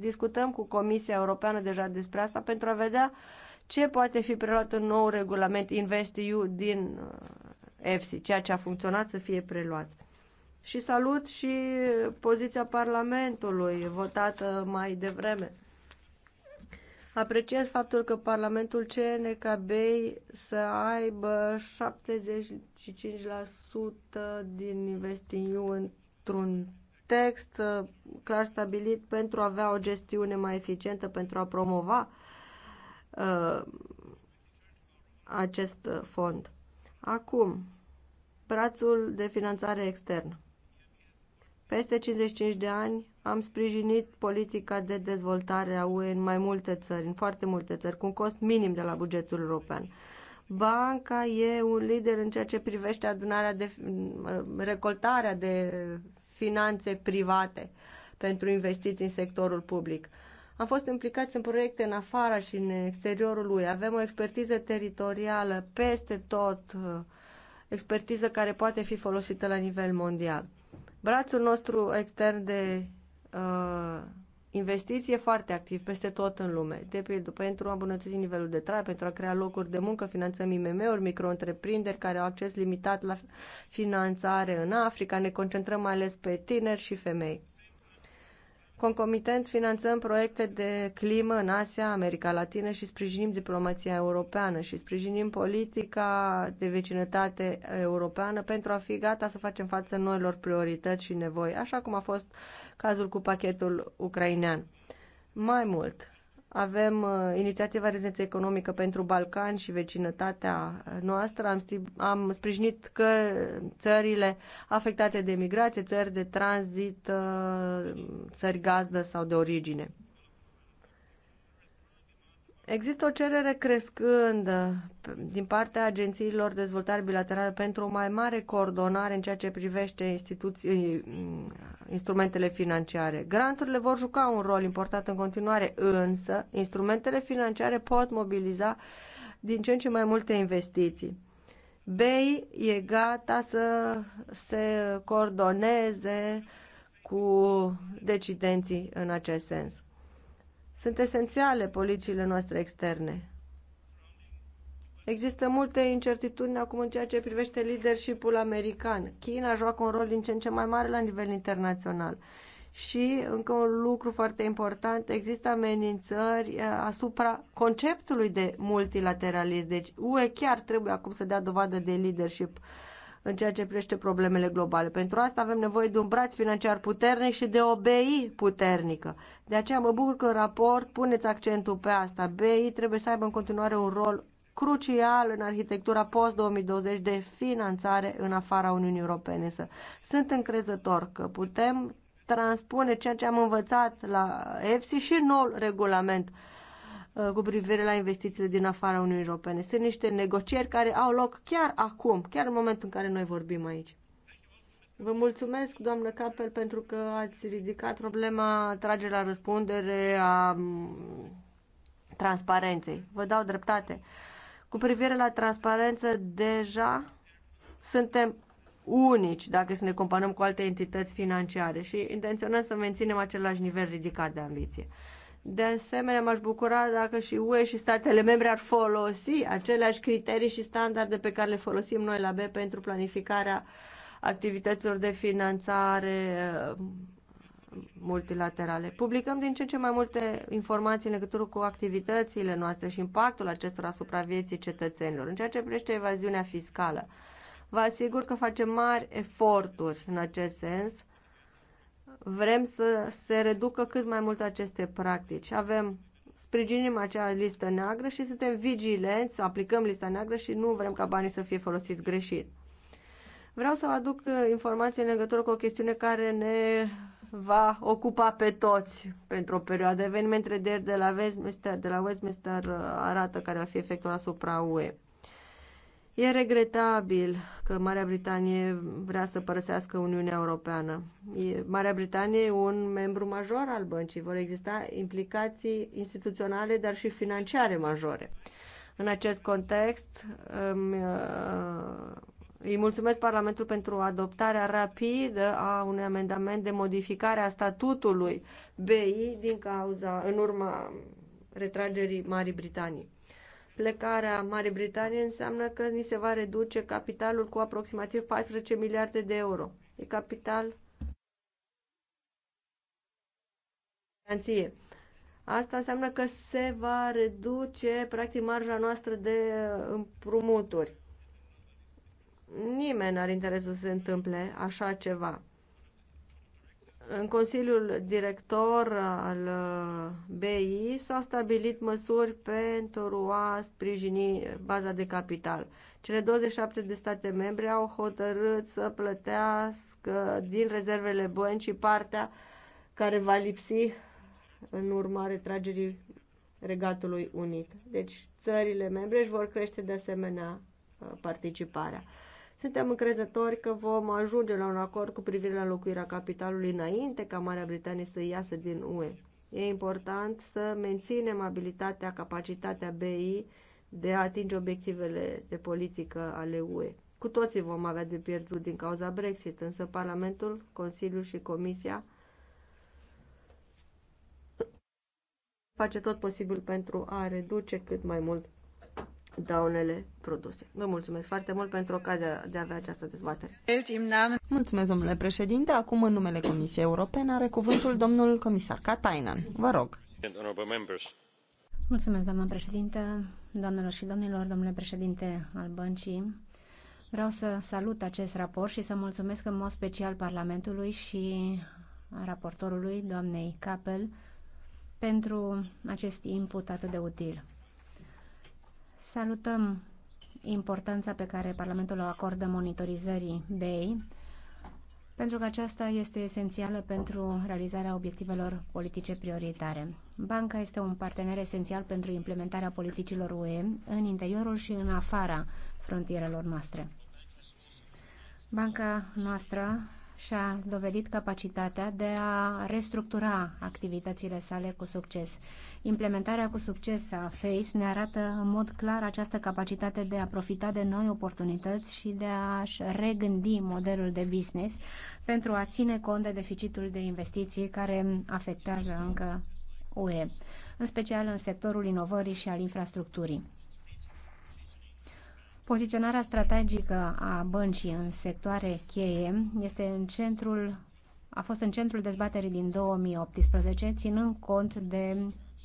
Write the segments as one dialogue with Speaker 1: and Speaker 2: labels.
Speaker 1: Discutăm cu Comisia Europeană deja despre asta pentru a vedea ce poate fi preluat în nou regulament InvestEU din EFSI, uh, ceea ce a funcționat să fie preluat. Și salut și poziția Parlamentului votată mai devreme. Apreciez faptul că Parlamentul CNKB să aibă 75% din investiu într-un text uh, clar stabilit pentru a avea o gestiune mai eficientă, pentru a promova uh, acest fond. Acum, brațul de finanțare externă. Peste 55 de ani am sprijinit politica de dezvoltare a UE în mai multe țări, în foarte multe țări, cu un cost minim de la bugetul european. Banca e un lider în ceea ce privește adunarea de recoltarea de finanțe private pentru investiții în sectorul public. Am fost implicați în proiecte în afara și în exteriorul lui. Avem o expertiză teritorială peste tot, uh, expertiză care poate fi folosită la nivel mondial. Brațul nostru extern de uh, investiție foarte activ peste tot în lume, de pildă pentru a îmbunătăți nivelul de trai, pentru a crea locuri de muncă, finanțăm IMM-uri, micro-întreprinderi care au acces limitat la finanțare în Africa, ne concentrăm mai ales pe tineri și femei. Concomitent finanțăm proiecte de climă în Asia, America Latină și sprijinim diplomația europeană și sprijinim politica de vecinătate europeană pentru a fi gata să facem față noilor priorități și nevoi, așa cum a fost cazul cu pachetul ucrainean. Mai mult, avem uh, inițiativa rezidenței economică pentru Balcan și vecinătatea uh, noastră. Am, am sprijinit că țările afectate de migrație, țări de tranzit, uh, țări gazdă sau de origine. Există o cerere crescândă din partea agențiilor de dezvoltare bilaterală pentru o mai mare coordonare în ceea ce privește instituții, instrumentele financiare. Granturile vor juca un rol important în continuare, însă instrumentele financiare pot mobiliza din ce în ce mai multe investiții. BEI e gata să se coordoneze cu decidenții în acest sens. Sunt esențiale politicile noastre externe. Există multe incertitudini acum în ceea ce privește leadership-ul american. China joacă un rol din ce în ce mai mare la nivel internațional. Și, încă un lucru foarte important, există amenințări eh, asupra conceptului de multilateralism. Deci UE chiar trebuie acum să dea dovadă de leadership uh, în ceea ce privește problemele globale. Pentru asta avem nevoie de un braț financiar puternic și de o BI puternică. De aceea mă bucur că în raport puneți accentul pe asta. BI trebuie să aibă în continuare un rol crucial în arhitectura post-2020 de finanțare în afara Uniunii Europene. Să sunt încrezător că putem transpune ceea ce am învățat la EFSI și noul regulament uh, Uh, cu privire la investițiile din afara Uniunii Europene. Sunt niște negocieri care au loc chiar acum, chiar în momentul în care noi vorbim aici. Vă mulțumesc, doamnă Capel, pentru că ați ridicat problema trage la răspundere a mm, transparenței. Vă dau dreptate. Cu privire la transparență, deja suntem unici dacă să ne comparăm cu alte entități financiare și intenționăm să menținem același nivel ridicat de ambiție. De asemenea, m-aș bucura dacă și UE și statele membre ar folosi aceleași criterii și standarde pe care le folosim noi la B pentru planificarea activităților de finanțare uh, multilaterale. Publicăm din ce în ce mai multe informații în legătură cu activitățile noastre și impactul acestora asupra vieții cetățenilor. În ceea ce privește evaziunea fiscală, vă asigur că facem mari eforturi în acest sens vrem să se reducă cât mai mult aceste practici. Avem sprijinim acea listă neagră și suntem vigilenți, să aplicăm lista neagră și nu vrem ca banii să fie folosiți greșit. Vreau să vă aduc uh, informații în legătură cu o chestiune care ne va ocupa pe toți pentru o perioadă. Evenimentele de de la Westminster, de la Westminster uh, arată care va fi efectul asupra UE. E regretabil că Marea Britanie vrea să părăsească Uniunea Europeană. Marea Britanie e un membru major al băncii. Vor exista implicații instituționale, dar și financiare majore. În acest context, îmi, uh, îi mulțumesc Parlamentul pentru adoptarea rapidă a unui amendament de modificare a statutului BI din cauza, în urma retragerii Marii Britanii plecarea Marii Britanii înseamnă că ni se va reduce capitalul cu aproximativ 14 miliarde de euro. E capital garanție. Asta înseamnă că se va reduce practic marja noastră de împrumuturi. Nimeni n-are interesul să se întâmple așa ceva. În Consiliul Director al uh, BI s-au stabilit măsuri pentru a sprijini baza de capital. Cele 27 de state membre au hotărât să plătească din rezervele băncii partea care va lipsi în urma retragerii Regatului Unit. Deci țările membre își vor crește de asemenea uh, participarea. Suntem încrezători că vom ajunge la un acord cu privire la locuirea capitalului înainte ca Marea Britanie să iasă din UE. E important să menținem abilitatea, capacitatea BI de a atinge obiectivele de politică ale UE. Cu toții vom avea de pierdut din cauza Brexit, însă Parlamentul, Consiliul și Comisia face tot posibil pentru a reduce cât mai mult daunele produse. Vă mulțumesc foarte mult pentru ocazia de a avea această dezbatere. Mulțumesc,
Speaker 2: domnule președinte. Acum, în numele Comisiei Europene, are cuvântul domnul comisar Katainen. Vă
Speaker 3: rog.
Speaker 4: Mulțumesc, doamnă președinte, doamnelor și domnilor, domnule președinte al băncii. Vreau să salut acest raport și să mulțumesc în mod special Parlamentului și raportorului, doamnei Capel, pentru acest input atât de util. Salutăm importanța pe care Parlamentul o acordă monitorizării BEI, pentru că aceasta este esențială pentru realizarea obiectivelor politice prioritare. Banca este un partener esențial pentru implementarea politicilor UE în interiorul și în afara frontierelor noastre. Banca noastră și-a dovedit capacitatea de a restructura activitățile sale cu succes. Implementarea cu succes a FACE ne arată în mod clar această capacitate de a profita de noi oportunități și de a-și regândi modelul de business pentru a ține cont de deficitul de investiții care afectează încă UE, în special în sectorul inovării și al infrastructurii. Poziționarea strategică a băncii în sectoare cheie este în centrul, a fost în centrul dezbaterii din 2018, ținând cont de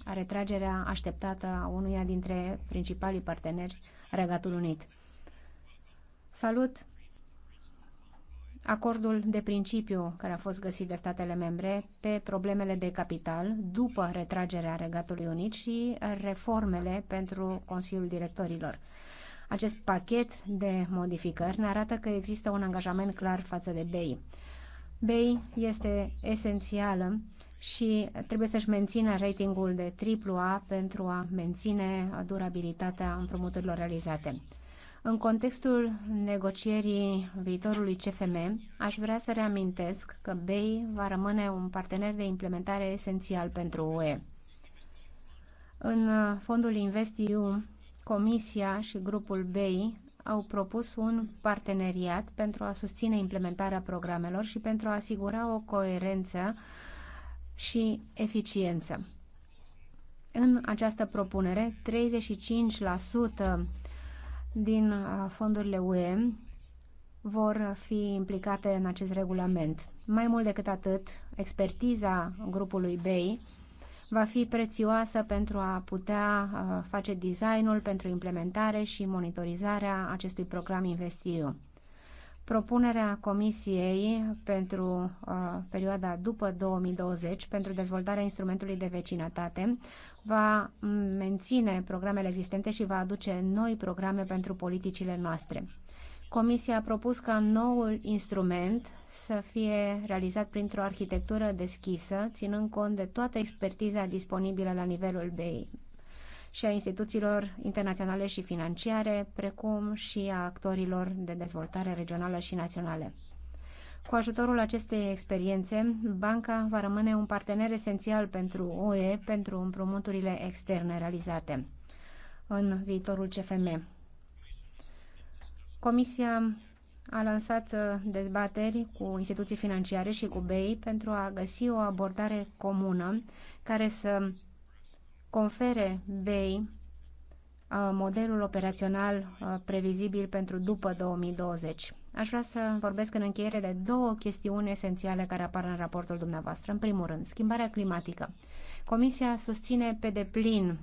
Speaker 4: retragerea așteptată a unuia dintre principalii parteneri, Regatul Unit. Salut acordul de principiu care a fost găsit de statele membre pe problemele de capital după retragerea Regatului Unit și reformele pentru Consiliul Directorilor. Acest pachet de modificări ne arată că există un angajament clar față de BEI. BEI este esențială și trebuie să-și mențină ratingul de AAA pentru a menține durabilitatea împrumuturilor realizate. În contextul negocierii viitorului CFM, aș vrea să reamintesc că BEI va rămâne un partener de implementare esențial pentru UE. În fondul InvestEU Comisia și grupul BEI au propus un parteneriat pentru a susține implementarea programelor și pentru a asigura o coerență și eficiență. În această propunere, 35% din uh, fondurile UE vor fi implicate în acest regulament. Mai mult decât atât, expertiza grupului BEI va fi prețioasă pentru a putea uh, face designul pentru implementare și monitorizarea acestui program Investiu. Propunerea Comisiei pentru uh, perioada după 2020 pentru dezvoltarea instrumentului de vecinătate va menține programele existente și va aduce noi programe pentru politicile noastre. Comisia a propus ca noul instrument să fie realizat printr-o arhitectură deschisă, ținând cont de toată expertiza disponibilă la nivelul BEI și a instituțiilor internaționale și financiare, precum și a actorilor de dezvoltare regională și naționale. Cu ajutorul acestei experiențe, banca va rămâne un partener esențial pentru OE pentru împrumuturile externe realizate în viitorul CFM. Comisia a lansat uh, dezbateri cu instituții financiare și cu BEI pentru a găsi o abordare comună care să confere BEI uh, modelul operațional uh, previzibil pentru după 2020. Aș vrea să vorbesc în încheiere de două chestiuni esențiale care apar în raportul dumneavoastră. În primul rând, schimbarea climatică. Comisia susține pe deplin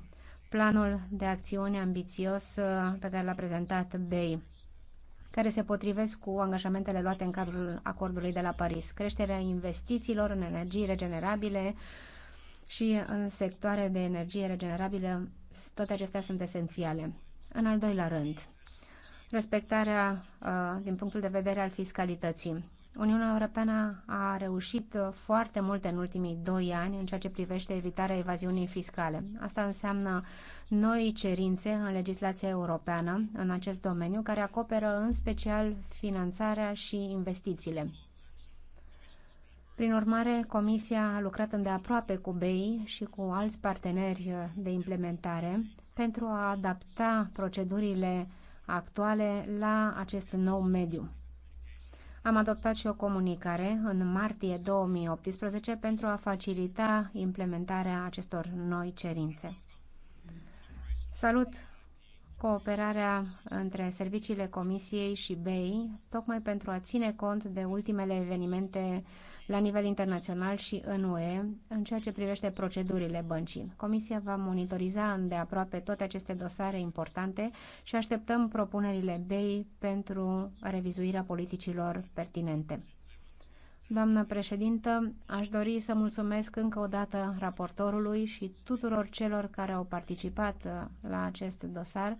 Speaker 4: planul de acțiune ambițios pe care l-a prezentat BEI care se potrivesc cu angajamentele luate în cadrul acordului de la Paris. Creșterea investițiilor în energii regenerabile și în sectoare de energie regenerabilă, toate acestea sunt esențiale. În al doilea rând, respectarea uh, din punctul de vedere al fiscalității. Uniunea Europeană a reușit uh, foarte multe în ultimii doi ani în ceea ce privește evitarea evaziunii fiscale. Asta înseamnă noi cerințe în legislația europeană în acest domeniu, care acoperă în special finanțarea și investițiile. Prin urmare, Comisia a lucrat îndeaproape cu BEI și cu alți parteneri uh, de implementare pentru a adapta procedurile actuale la acest nou mediu. Am adoptat și o comunicare în martie 2018 pentru a facilita implementarea acestor noi cerințe. Salut cooperarea între serviciile Comisiei și BEI, tocmai pentru a ține cont de ultimele evenimente la nivel internațional și în UE, în ceea ce privește procedurile băncii. Comisia va monitoriza îndeaproape toate aceste dosare importante și așteptăm propunerile BEI pentru revizuirea politicilor pertinente. Doamnă președintă, aș dori să mulțumesc încă o dată raportorului și tuturor celor care au participat uh, la acest dosar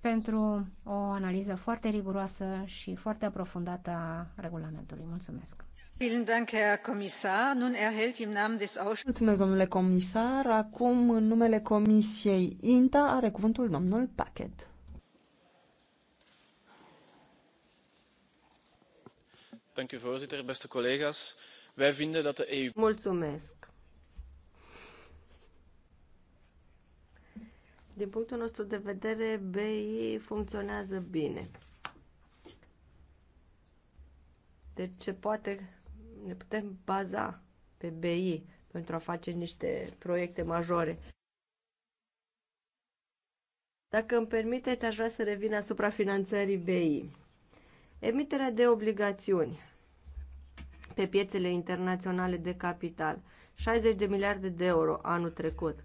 Speaker 4: pentru o analiză foarte riguroasă și foarte aprofundată a regulamentului. Mulțumesc! Mulțumesc, domnule comisar.
Speaker 2: Acum, în numele Comisiei INTA, are cuvântul domnul Pachet.
Speaker 4: voorzitter beste collega's wij vinden dat de eu.
Speaker 1: mulțumesc. Din punctul nostru de vedere, BI funcționează bine. Deci ce poate ne putem baza pe BI pentru a face niște proiecte majore. Dacă îmi permiteți, aș vrea să revin asupra finanțării BI. Emiterea de obligațiuni pe piețele internaționale de capital, 60 de miliarde de euro anul trecut.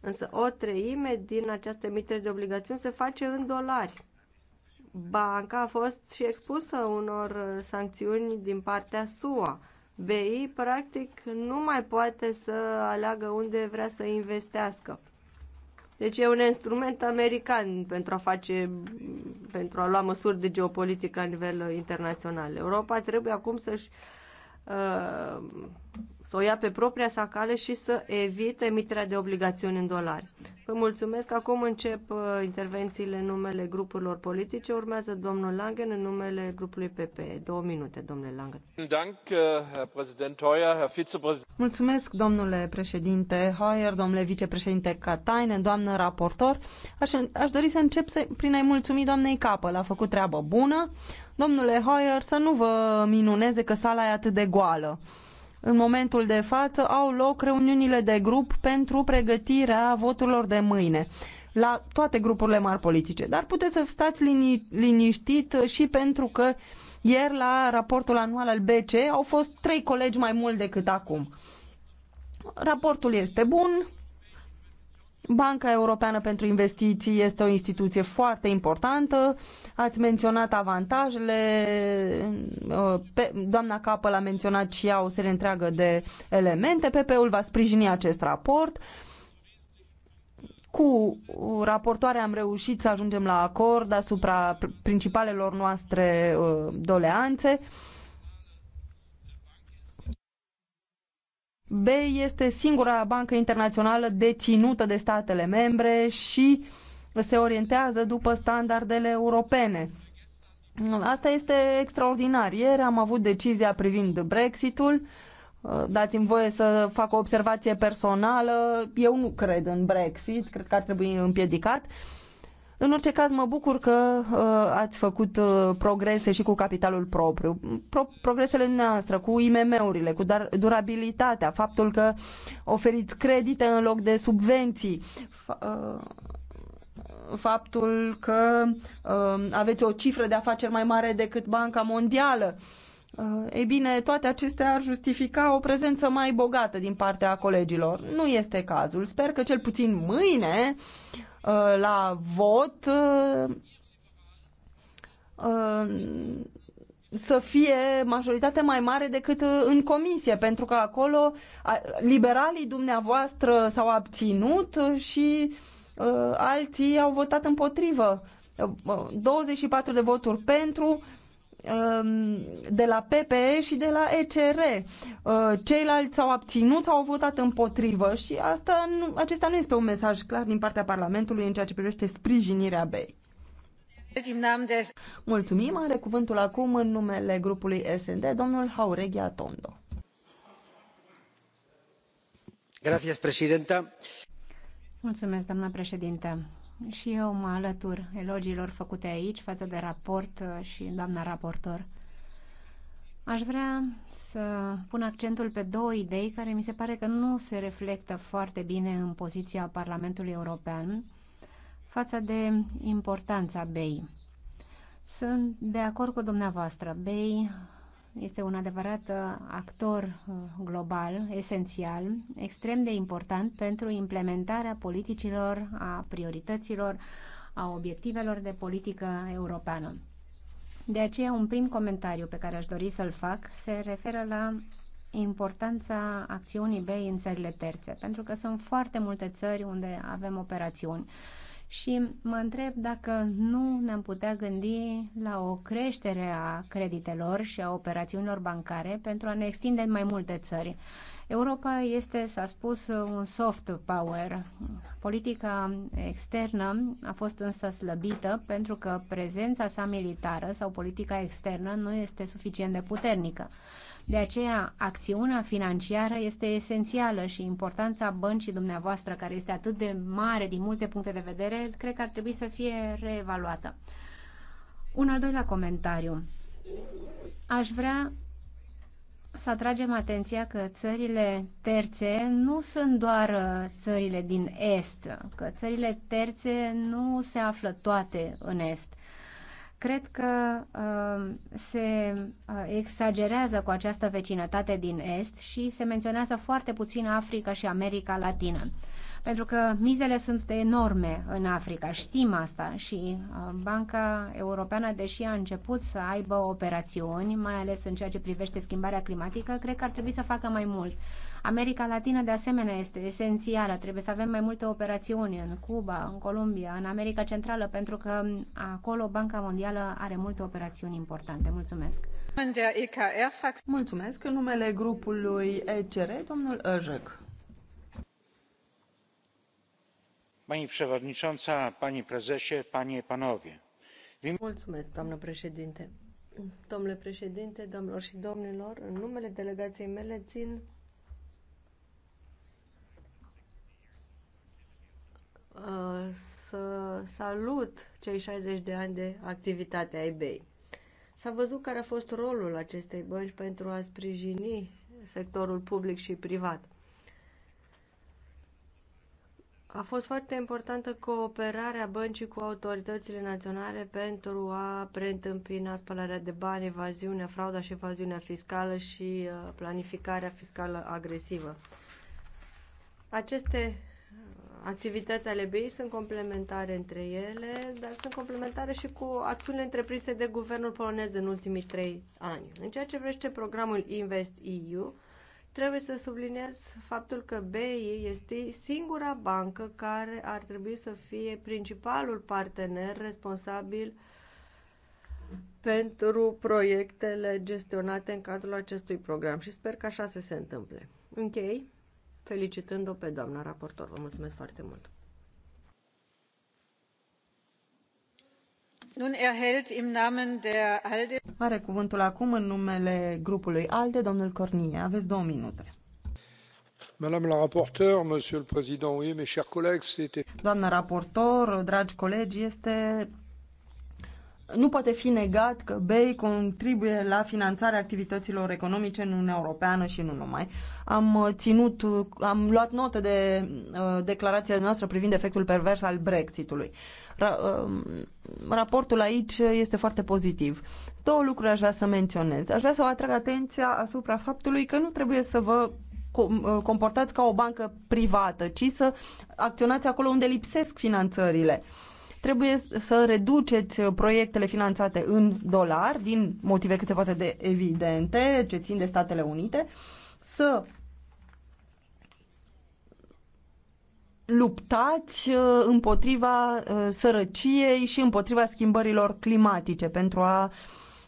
Speaker 1: Însă o treime din această emitere de obligațiuni se face în dolari. Banca a fost și expusă unor sancțiuni din partea SUA. BI, practic, nu mai poate să aleagă unde vrea să investească. Deci e un instrument american pentru a face, pentru a lua măsuri de geopolitică la nivel internațional. Europa trebuie acum să-și uh, Uh, să o ia pe propria sa cale și să evite emiterea de obligațiuni în dolari. Vă mulțumesc. Acum încep uh, intervențiile în numele grupurilor politice. Urmează domnul Langen în numele grupului PP. Două minute, domnule Langen.
Speaker 2: Uh,
Speaker 1: mulțumesc, domnule președinte
Speaker 2: Hoyer, domnule vicepreședinte Cataine, doamnă raportor. Aș, aș dori să încep să, prin a-i mulțumi doamnei Capă. L-a făcut treabă bună Domnule Hoyer, să nu vă minuneze că sala e atât de goală. În momentul de față au loc reuniunile de grup pentru pregătirea voturilor de mâine la toate grupurile mari politice. Dar puteți să stați lini- liniștit și pentru că ieri la raportul anual al BC au fost trei colegi mai mult decât acum. Raportul este bun, Banca Europeană pentru Investiții este o instituție foarte importantă. Ați menționat avantajele, uh, doamna Capăl a menționat și ea o serie întreagă de elemente. PP-ul va sprijini acest raport. Cu raportoare am reușit să ajungem la acord asupra principalelor noastre uh, doleanțe. BEI este singura bancă internațională deținută de statele membre și se orientează după standardele europene. Asta este extraordinar. Ieri am avut decizia privind Brexitul. Dați-mi voie să fac o observație personală. Eu nu cred în Brexit, cred că ar trebui împiedicat. Uh, în orice caz, mă bucur că uh, ați făcut uh, progrese și cu capitalul propriu. Pro- progresele noastre, cu IMM-urile, cu dar- durabilitatea, faptul că oferiți credite în loc de subvenții, uh, faptul că uh, aveți o cifră de afaceri mai mare decât Banca Mondială. Uh, ei bine, toate acestea ar justifica o prezență mai bogată din partea colegilor. Nu este cazul. Sper că cel puțin mâine uh, Uh, la vot uh, uh, să fie majoritate mai mare decât în comisie, pentru că acolo liberalii dumneavoastră s-au abținut și alții au votat împotrivă. 24 de voturi pentru, Um, de la PPE și de la ECR. Uh, ceilalți s-au abținut, s-au votat împotrivă și asta nu, acesta nu este un mesaj clar din partea Parlamentului în ceea ce privește sprijinirea BEI. Mulțumim, are cuvântul acum în numele grupului SND, domnul
Speaker 4: Haureghia Tondo. Gracias, Mulțumesc, doamna președintă și eu mă alătur elogiilor făcute aici față de raport uh, și doamna raportor. Aș vrea să pun accentul pe două idei care mi se pare că nu se reflectă foarte bine în poziția Parlamentului European față de importanța BEI. Sunt de acord cu dumneavoastră. BEI este un adevărat uh, actor uh, global, esențial, extrem de important pentru implementarea politicilor, a priorităților, a obiectivelor de politică europeană. De aceea, un prim comentariu pe care aș dori să-l fac se referă la importanța acțiunii BEI în țările terțe, pentru că sunt foarte multe țări unde avem operațiuni. Uh, și mă întreb dacă nu ne-am putea gândi la o creștere a creditelor și a operațiunilor bancare pentru a ne extinde în mai multe țări. Europa este, s-a spus, un soft power. Politica externă a fost însă slăbită pentru că prezența sa militară sau politica externă nu este suficient de puternică. De aceea, acțiunea financiară este esențială și importanța băncii dumneavoastră, care este atât de mare din multe puncte de vedere, cred că ar trebui să fie reevaluată. Un al doilea comentariu. Aș vrea să atragem atenția că țările terțe nu sunt doar uh, țările din Est, că țările terțe nu se află toate în Est. Cred că um, uh, se exagerează cu această vecinătate din Est și se menționează foarte puțin Africa și America Latină. Pentru că mizele sunt enorme în Africa, știm asta și uh, Banca Europeană, deși a început să aibă operațiuni, mai ales în ceea ce privește schimbarea climatică, cred că ar trebui să facă mai mult America Latină de asemenea este esențială. Trebuie să avem mai multe operațiuni în Cuba, în Columbia, în America Centrală, pentru că acolo Banca Mondială are multe operațiuni importante. Mulțumesc!
Speaker 5: Er,
Speaker 2: Mulțumesc! În numele grupului ECR, domnul Ăjăc.
Speaker 6: Pani przewodnicząca, pani prezesie, panie i panowie.
Speaker 1: Mulțumesc, doamnă președinte. Domnule președinte, domnilor și domnilor, în numele delegației mele țin Uh, să salut cei 60 de ani de activitate a eBay. S-a văzut care a fost rolul acestei bănci pentru a sprijini sectorul public și privat. A fost foarte importantă cooperarea băncii cu autoritățile naționale pentru a preîntâmpina spălarea de bani, evaziunea, frauda și evaziunea fiscală și uh, planificarea fiscală agresivă. Aceste activități ale BEI sunt complementare între ele, dar sunt complementare și cu acțiunile întreprinse de guvernul polonez în ultimii trei ani. În ceea ce vrește programul Invest EU, trebuie să subliniez faptul că BEI este singura bancă care ar trebui să fie principalul partener responsabil pentru proiectele gestionate în cadrul acestui program și sper că așa să se întâmple. Închei felicitând-o pe doamna raportor. Vă mulțumesc foarte mult! Er
Speaker 2: Are cuvântul acum în numele grupului ALDE, domnul Cornie. Aveți două minute.
Speaker 1: Madame la raporteur, monsieur le
Speaker 2: président, oui, mes chers collègues, c'était... Doamna raportor, dragi colegi, este nu poate fi negat că BEI contribuie la finanțarea activităților economice în Uniunea Europeană și nu numai. Am uh, ținut, uh, am luat notă de uh, declarația noastră privind efectul pervers al Brexitului. Ra, uh, raportul aici este foarte pozitiv. Două lucruri aș vrea să menționez. Aș vrea să vă atrag atenția asupra faptului că nu trebuie să vă uh, comportați ca o bancă privată, ci să acționați acolo unde lipsesc finanțările. Uh, Trebuie să reduceți uh, proiectele finanțate în dolar, din motive cât se poate de evidente, ce țin de Statele Unite, să luptați uh, împotriva uh, sărăciei și împotriva schimbărilor climatice pentru a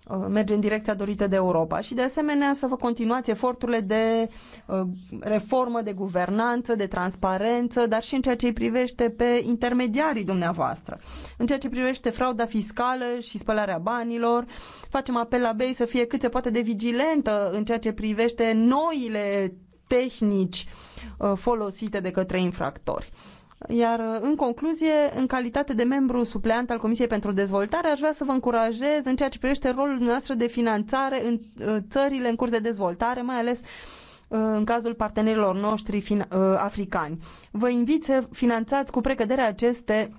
Speaker 2: Uh, merge în direcția dorită de Europa și de asemenea să vă continuați eforturile de uh, reformă, de guvernanță, de transparență, dar și în ceea ce îi privește pe intermediarii dumneavoastră. În ceea ce privește frauda fiscală și spălarea banilor, facem apel la BEI să fie cât se poate de vigilentă în ceea ce privește noile tehnici uh, folosite de către infractori. Iar uh, în concluzie, în calitate de membru supleant al Comisiei pentru Dezvoltare, aș vrea să vă încurajez în ceea ce privește rolul noastră de finanțare în uh, țările în curs de dezvoltare, mai ales uh, în cazul partenerilor noștri africani. Vă invit să finanțați cu precădere aceste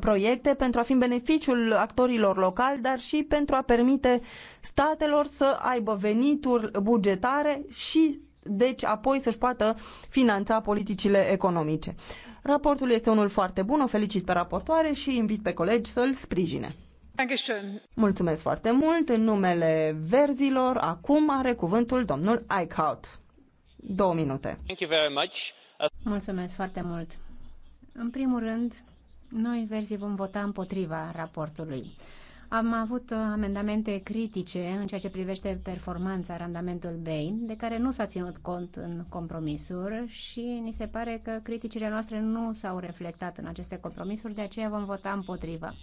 Speaker 2: proiecte pentru a fi în beneficiul actorilor locali, dar și pentru a permite statelor să aibă venituri bugetare și deci apoi să-și poată finanța politicile economice. Raportul este unul foarte bun, o felicit pe raportoare și invit pe colegi să-l sprijine. Mulțumesc foarte mult. În numele verzilor, acum are
Speaker 4: cuvântul domnul Eichhout. Două minute. Mulțumesc foarte mult. În primul rând, noi verzii vom vota împotriva raportului. Am avut uh, amendamente critice în ceea ce privește performanța, randamentul Bain, de care nu s-a ținut cont în compromisuri și ni se pare că criticile noastre nu s-au reflectat în aceste compromisuri, de aceea vom vota împotrivă.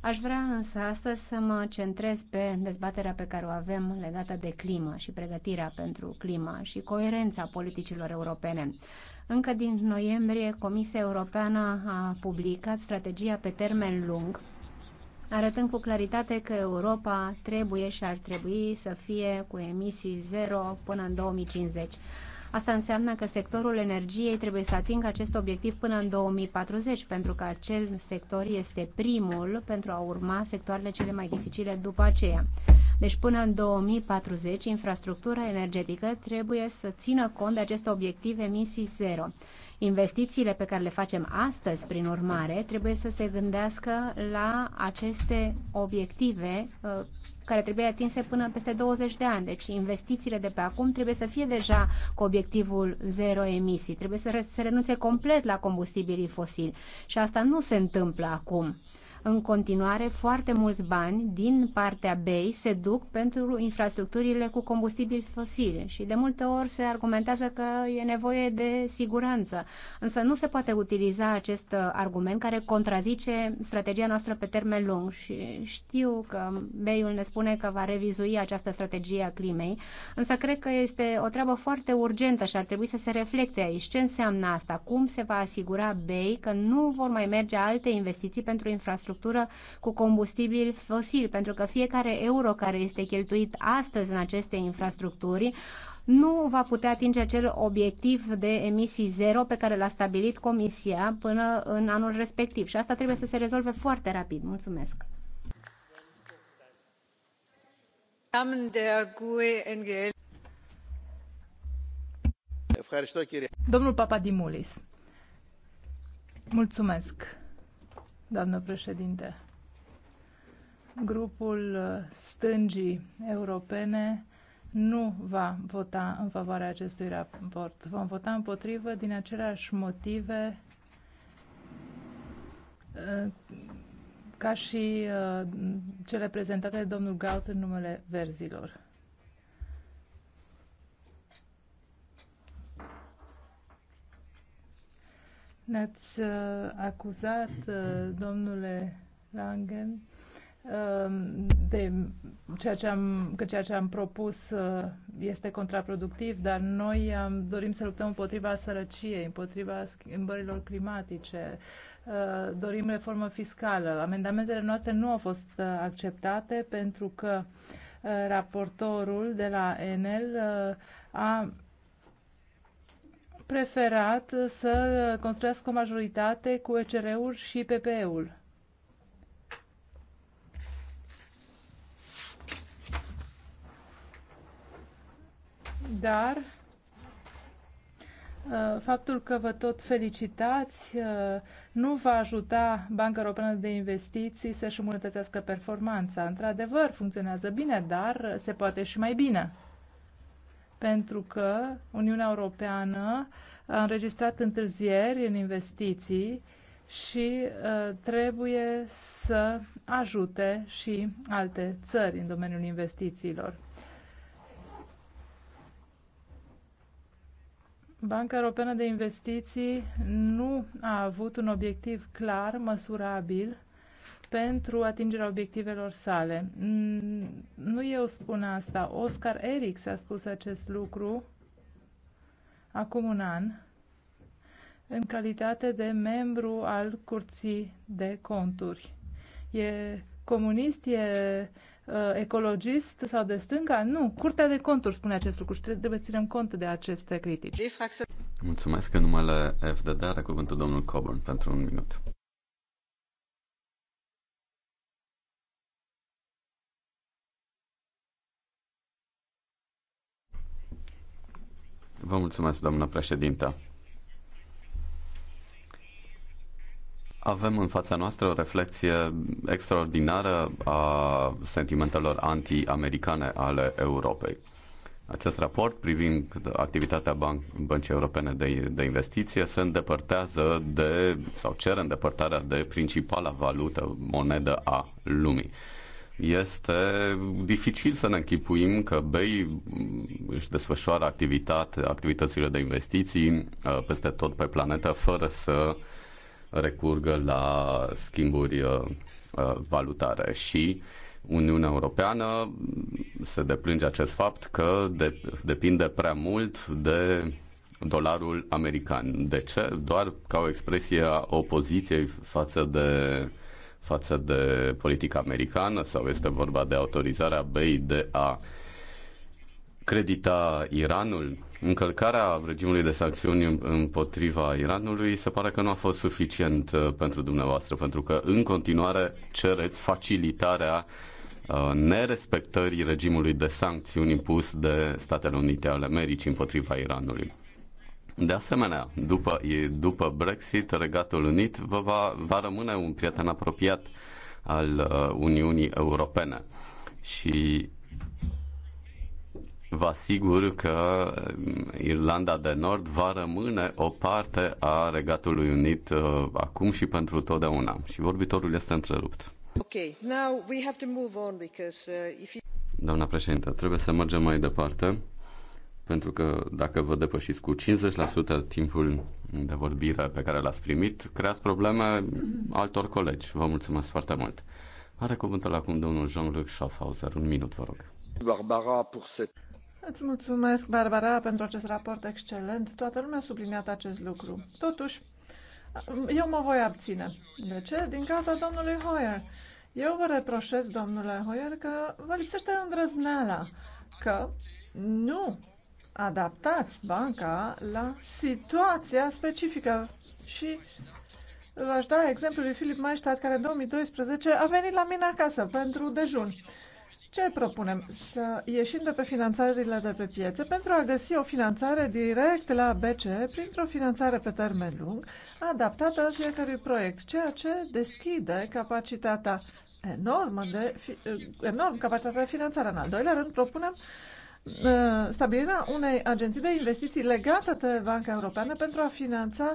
Speaker 4: Aș vrea însă astăzi să mă centrez pe dezbaterea pe care o avem legată de climă și pregătirea pentru climă și coerența politicilor europene. Încă din noiembrie, Comisia Europeană a publicat strategia pe termen lung arătând cu claritate că Europa trebuie și ar trebui să fie cu emisii zero până în 2050. Asta înseamnă că sectorul energiei trebuie să atingă acest obiectiv până în 2040, pentru că acel sector este primul pentru a urma sectoarele cele mai dificile după aceea. Deci până în 2040, infrastructura energetică trebuie să țină cont de acest obiectiv emisii zero. Investițiile pe care le facem astăzi, prin urmare, trebuie să se gândească la aceste obiective uh, care trebuie atinse până peste 20 de ani. Deci investițiile de pe acum trebuie să fie deja cu obiectivul zero emisii. Trebuie să se renunțe complet la combustibilii fosili. Și asta nu se întâmplă acum. În continuare, foarte mulți bani din partea BEI se duc pentru infrastructurile cu combustibili fosili și de multe ori se argumentează că e nevoie de siguranță. Însă nu se poate utiliza acest uh, argument care contrazice strategia noastră pe termen lung și știu că BEI-ul ne spune că va revizui această strategie a climei, însă cred că este o treabă foarte urgentă și ar trebui să se reflecte aici ce înseamnă asta, cum se va asigura BEI că nu vor mai merge alte investiții pentru infrastructură infrastructură cu combustibil fosil, pentru că fiecare euro care este cheltuit astăzi în aceste infrastructuri nu va putea atinge acel obiectiv de emisii zero pe care l-a stabilit Comisia până în anul respectiv. Și asta trebuie să se rezolve foarte rapid. Mulțumesc!
Speaker 6: Domnul Papadimulis, mulțumesc doamnă președinte. Grupul uh, stângii europene nu va vota în favoarea acestui raport. Vom vota împotrivă din aceleași motive uh, ca și uh, cele prezentate de domnul Gaut în numele verzilor. Ne-ați uh, acuzat, uh, domnule Langen, um, de ceea ce am, că ceea ce am propus uh, este contraproductiv, dar noi am, dorim să luptăm împotriva sărăciei, împotriva schimbărilor climatice, dorim reformă fiscală. Amendamentele noastre nu au fost acceptate pentru că raportorul de la Enel a preferat să construiască o majoritate cu ECR-ul și PPE-ul. Dar uh, faptul că vă tot felicitați uh, nu va ajuta Banca Europeană de Investiții să-și îmbunătățească performanța. Într-adevăr, funcționează bine, dar se poate și mai bine pentru că Uniunea Europeană a înregistrat întârzieri în investiții și uh, trebuie să ajute și alte țări în domeniul investițiilor. Banca Europeană de Investiții nu a avut un obiectiv clar, măsurabil, pentru atingerea obiectivelor sale. Mm, nu eu spun asta, Oscar Eric a spus acest lucru acum un an în calitate de membru al Curții de Conturi. E comunist, e uh, ecologist sau de stânga? Nu, Curtea de Conturi spune acest lucru și trebuie să ținem cont de aceste critici.
Speaker 3: Mulțumesc în numele FDD, are cuvântul domnul Coburn pentru un minut. Vă mulțumesc, doamnă președintă. Avem în fața noastră o reflexie extraordinară a sentimentelor anti-americane ale Europei. Acest raport privind activitatea ban- Băncii Europene de, de Investiție se îndepărtează de, sau cere îndepărtarea de principala valută, monedă a lumii. Este dificil să ne închipuim că BEI mm, își desfășoară activitate, activitățile de investiții uh, peste tot pe planetă fără să recurgă la schimburi uh, uh, valutare și Uniunea Europeană mm, se deplânge acest fapt că de, depinde prea mult de dolarul american. De ce? Doar ca o expresie a opoziției față de față de politica americană sau este vorba de autorizarea BEI de a credita Iranul? Încălcarea regimului de sancțiuni împotriva Iranului se pare că nu a fost suficient uh, pentru dumneavoastră, pentru că în continuare cereți facilitarea uh, nerespectării regimului de sancțiuni impus de Statele Unite ale Americii împotriva Iranului. De asemenea, după, după Brexit, Regatul Unit vă va, va rămâne un prieten apropiat al uh, Uniunii Europene și vă asigur că uh, Irlanda de Nord va rămâne o parte a Regatului Unit uh, acum și pentru totdeauna. Și vorbitorul este întrerupt. Doamna președintă, trebuie să mergem mai departe pentru că dacă vă depășiți cu 50% timpul de vorbire pe care l-ați primit, creați probleme altor colegi. Vă mulțumesc foarte mult. Are cuvântul acum domnul Jean-Luc Schaffhauser. Un minut, vă rog. Barbara, pour cette... Îți
Speaker 5: mulțumesc, Barbara, pentru acest raport excelent. Toată lumea a subliniat acest lucru. Totuși, eu mă voi abține. De ce? Din cauza domnului Hoyer. Eu vă reproșez, domnule Hoyer, că vă lipsește îndrăzneala, că nu adaptați banca la situația specifică. Și v-aș da exemplul lui Filip Maestat, care în 2012 a venit la mine acasă pentru dejun. Ce propunem? Să ieșim de pe finanțările de pe piețe pentru a găsi o finanțare direct la BCE printr-o finanțare pe termen lung, adaptată la fiecărui proiect, ceea ce deschide capacitatea enormă de, enorm capacitatea de finanțare. În al doilea rând, propunem uh, Uh, stabilirea unei agenții de investiții legate de Banca Europeană pentru a finanța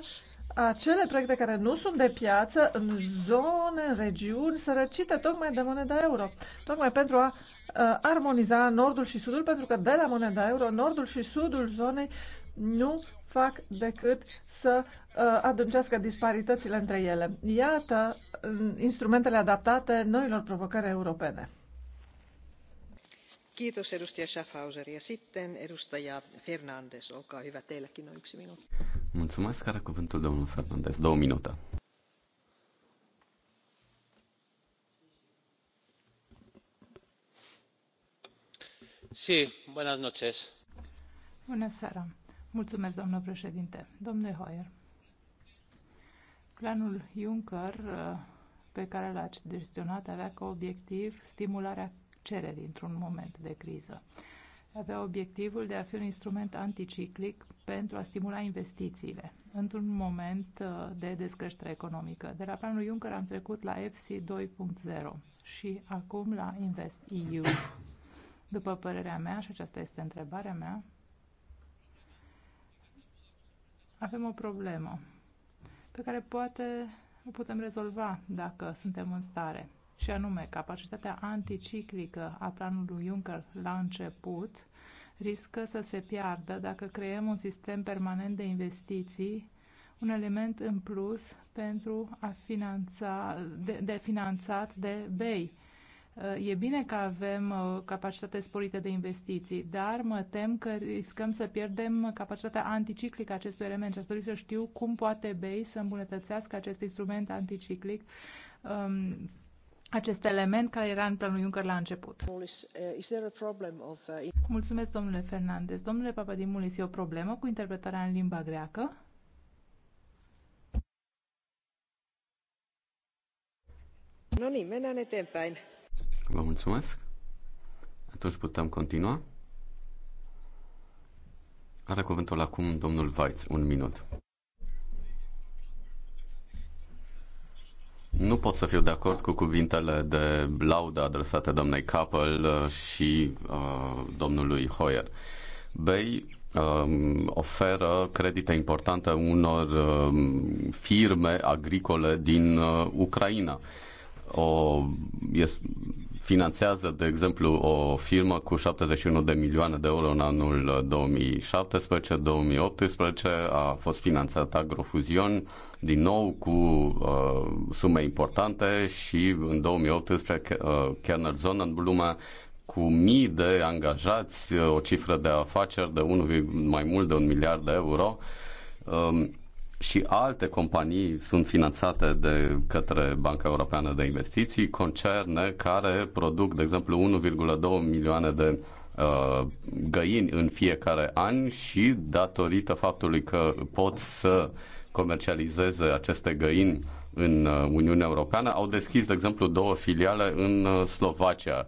Speaker 5: acele proiecte care nu sunt de piață în zone, în regiuni sărăcite tocmai de moneda euro, tocmai pentru a uh, armoniza nordul și sudul, pentru că de la moneda euro, nordul și sudul zonei nu fac decât să uh, adâncească disparitățile între ele. Iată uh, instrumentele adaptate noilor provocări europene.
Speaker 3: Mulțumesc, are cuvântul domnul Fernandez. Două minute. Sí, buenas noches.
Speaker 6: Bună seara. Mulțumesc, doamnă președinte. Domnule Hoyer, planul Juncker pe care l ați gestionat avea ca obiectiv stimularea Cere într-un moment de criză. Avea obiectivul de a fi un instrument anticiclic pentru a stimula investițiile într-un moment uh, de descreștere economică. De la planul Juncker am trecut la FC 2.0 și acum la Invest EU. După părerea mea, și aceasta este întrebarea mea, avem o problemă pe care poate o putem rezolva dacă suntem în stare și anume capacitatea anticiclică a planului Juncker la început riscă să se piardă dacă creăm un sistem permanent de investiții, un element în plus pentru a finanța, de, de finanțat de BEI. E bine că avem uh, capacitate sporită de investiții, dar mă tem că riscăm să pierdem capacitatea anticiclică a acestui element și aș dori să știu cum poate BEI să îmbunătățească acest instrument anticiclic um, acest element care era în planul Juncker la început. Uh, uh, mulțumesc, domnule Fernandez. Domnule Papadimulis, e o problemă cu interpretarea în limba greacă?
Speaker 2: No niin, mennään eteenpäin.
Speaker 3: Vă mulțumesc. Atunci putem continua. Are cuvântul acum domnul Vaiț, un minut. Nu pot să fiu de acord cu cuvintele de laudă adresate doamnei Capel uh, și uh, domnului Hoyer. Bei um, oferă credite importante unor um, firme agricole din uh, Ucraina. O, este, finanțează, de exemplu, o firmă cu 71 de milioane de euro în anul 2017-2018, a fost finanțat Agrofuzion din nou cu uh, sume importante și în 2018 uh, Kerner Sonnenblume cu mii de angajați, o cifră de afaceri de 1, mai mult de un miliard de euro. Uh, și alte companii sunt finanțate de către Banca Europeană de Investiții, concerne care produc, de exemplu, 1,2 milioane de uh, găini în fiecare an și datorită faptului că pot să comercializeze aceste găini în uh, Uniunea Europeană, au deschis, de exemplu, două filiale în uh, Slovacia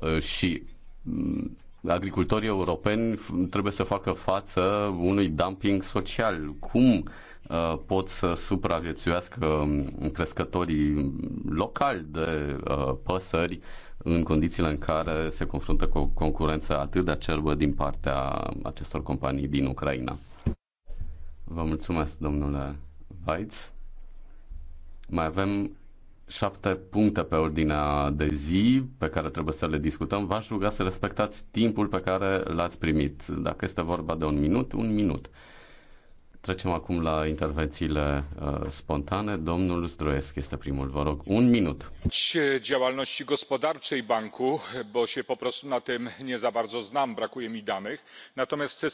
Speaker 3: uh, și mm, agricultorii europeni trebuie să facă față unui dumping social. Cum Uh, pot să supraviețuiască um, crescătorii locali de uh, păsări în condițiile în care se confruntă cu o concurență atât de acerbă din partea acestor companii din Ucraina. Vă mulțumesc, domnule Weitz. Mai avem șapte puncte pe ordinea de zi pe care trebuie să le discutăm. V-aș ruga să respectați timpul pe care l-ați primit. Dacă este vorba de un minut, un minut. Trecem acum la intervențiile uh, spontane. Domnul Zdroiesc este primul, vă rog. Un minut.
Speaker 6: Ce działalności gospodarczej banku, bo się po prostu na tym nie za bardzo znam, brakuje mi danych.
Speaker 3: Natomiast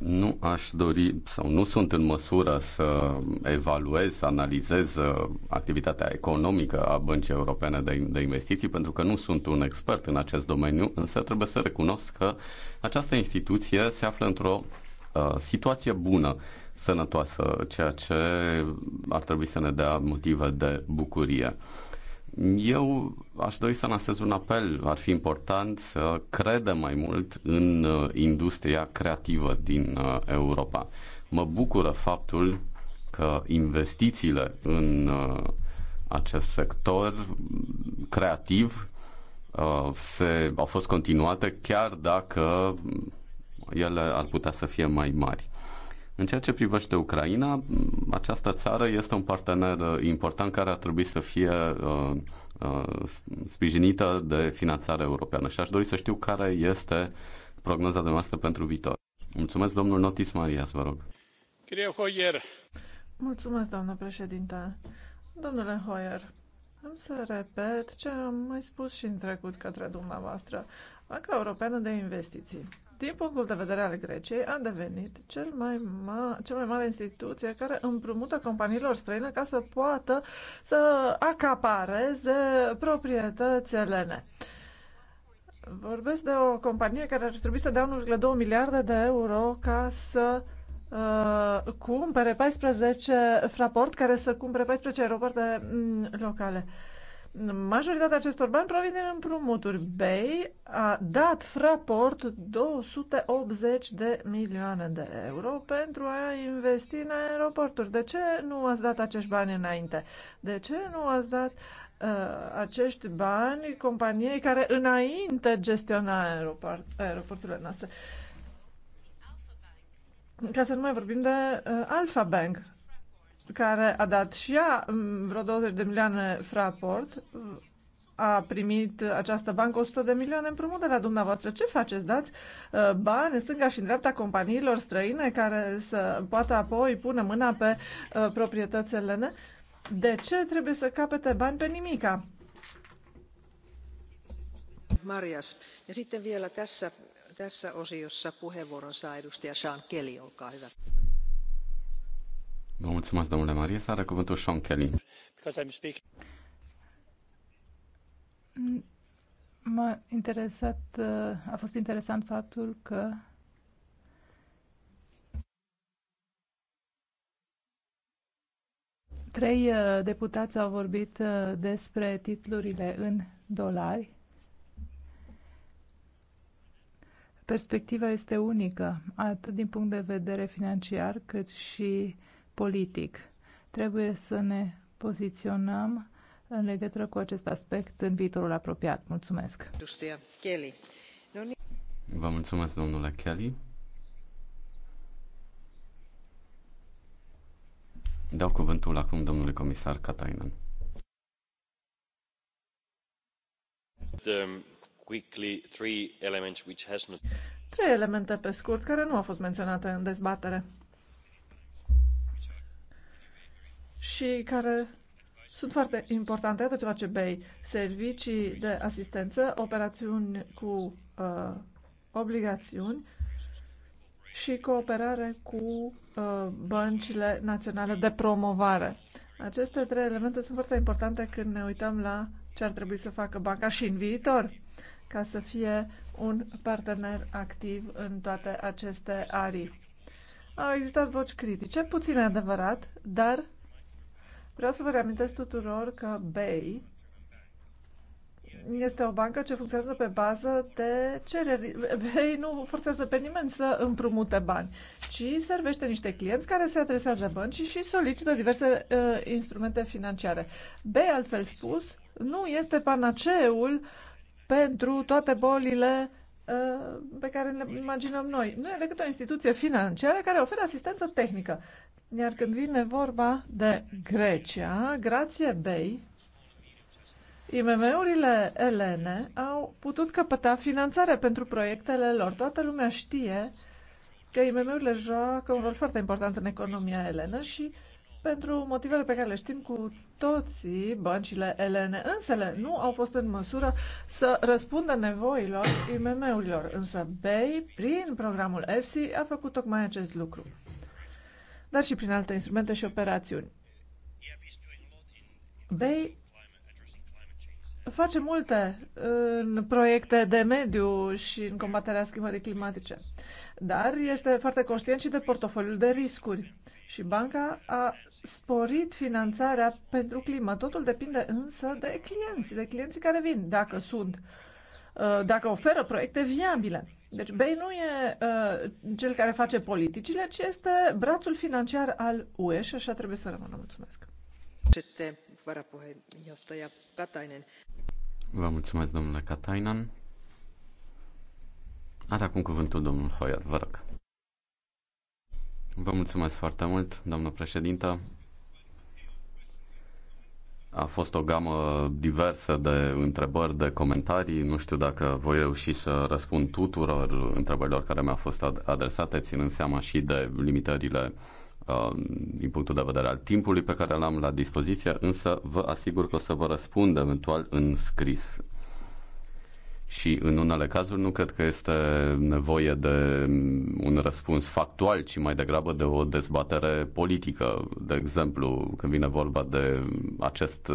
Speaker 3: nu aș dori sau nu sunt în măsură să evaluez, să analizez uh, activitatea economică a Băncii Europene de, de Investiții, pentru că nu sunt un expert în acest domeniu, însă trebuie să recunosc că această instituție se află într-o uh, situație bună sănătoasă, ceea ce ar trebui să ne dea motive de bucurie. Eu aș dori să lansez un apel. Ar fi important să credem mai mult în uh, industria creativă din uh, Europa. Mă bucură faptul că investițiile în uh, acest sector creativ se, au fost continuate chiar dacă ele ar putea să fie mai mari. În ceea ce privește Ucraina, această țară este un partener uh, important care ar trebui să fie uh, uh, sprijinită de finanțare europeană și aș dori să știu care este prognoza dumneavoastră pentru viitor. Mulțumesc, domnul Notis Marias, vă rog.
Speaker 5: Mulțumesc, doamnă președinte. Domnule Hoyer, am să repet ce am mai spus și în trecut către dumneavoastră. Banca Europeană de Investiții din punctul de vedere al Greciei, a devenit cel mai ma- cea mai mare instituție care împrumută companiilor străine ca să poată să acapareze proprietăți elene. Vorbesc de o companie care ar trebui să dea 1,2 miliarde de euro ca să uh, cumpere 14 fraport, care să cumpere 14 aeroporte mm, locale. Uh, Majoritatea acestor bani provin din împrumuturi. Bay a dat Fraport 280 de milioane de euro pentru a investi în aeroporturi. De ce nu ați dat acești bani înainte? De ce nu ați dat uh, acești bani companiei care înainte gestiona aeroport, aeroporturile noastre? Ca să nu mai vorbim de uh, Alpha Bank care a dat și ea mm, vreo 20 de milioane fraport, a primit această bancă 100 de milioane împrumut de la dumneavoastră. Ce faceți? Dați uh, bani în stânga și în dreapta companiilor străine care să poată apoi pune mâna pe uh, proprietățile ne? De ce trebuie să capete bani pe nimica?
Speaker 2: Marias. Ja sitten vielä tässä, tässä osiossa puheenvuoron
Speaker 1: saa edustaja Sean Kelly, olkaa hyvä
Speaker 3: Vă mulțumesc, domnule Marie. Să are cuvântul Sean Kelly.
Speaker 6: M-a interesat, uh, a fost interesant faptul că trei uh, deputați au vorbit uh, despre titlurile în dolari. Perspectiva este unică, atât din punct de vedere financiar, cât și politic. Trebuie să ne poziționăm în legătură cu acest aspect în viitorul apropiat. Mulțumesc!
Speaker 3: Vă mulțumesc, domnule Kelly. Dau cuvântul acum domnului comisar Katainen.
Speaker 5: Trei elemente pe scurt care nu au fost menționate în dezbatere. și care sunt foarte importante. atât ceva ce bei. Servicii de asistență, operațiuni cu uh, obligațiuni și cooperare cu uh, băncile naționale de promovare. Aceste trei elemente sunt foarte importante când ne uităm la ce ar trebui să facă banca și în viitor ca să fie un partener activ în toate aceste arii. Au existat voci critice, puțin adevărat, dar Vreau să vă reamintesc tuturor că BEI este o bancă ce funcționează pe bază de cereri. BEI nu forțează pe nimeni să împrumute bani, ci servește niște clienți care se adresează băncii și solicită diverse uh, instrumente financiare. BEI, altfel spus, nu este panaceul pentru toate bolile uh, pe care le imaginăm noi. Nu e decât o instituție financiară care oferă asistență tehnică. Iar când vine vorba de Grecia, grație BEI, IMM-urile elene au putut căpăta finanțare pentru proiectele lor. Toată lumea știe că IMM-urile joacă un rol foarte important în economia elenă și pentru motivele pe care le știm cu toții, băncile elene însele nu au fost în măsură să răspundă nevoilor IMM-urilor, însă BEI, prin programul EFSI, a făcut tocmai acest lucru dar și prin alte instrumente și operațiuni. Bay face multe în proiecte de mediu și în combaterea schimbării climatice, dar este foarte conștient și de portofoliul de riscuri. Și banca a sporit finanțarea pentru climă. Totul depinde însă de clienți, de clienții care vin, dacă sunt, uh, dacă oferă proiecte viabile. Deci BEI nu e uh, cel care face politicile, ci este brațul financiar al UE și așa trebuie să rămână. Mulțumesc.
Speaker 3: Vă mulțumesc, domnule Katainen. Are acum cuvântul domnul Hoyer, vă rog. Vă mulțumesc foarte mult, domnul președinte. A fost o gamă diversă de întrebări, de comentarii. Nu știu dacă voi reuși să răspund tuturor întrebărilor care mi-au fost adresate, ținând seama și de limitările uh, din punctul de vedere al timpului pe care l-am la dispoziție, însă vă asigur că o să vă răspund eventual în scris și în unele cazuri nu cred că este nevoie de un răspuns factual, ci mai degrabă de o dezbatere politică. De exemplu, când vine vorba de acest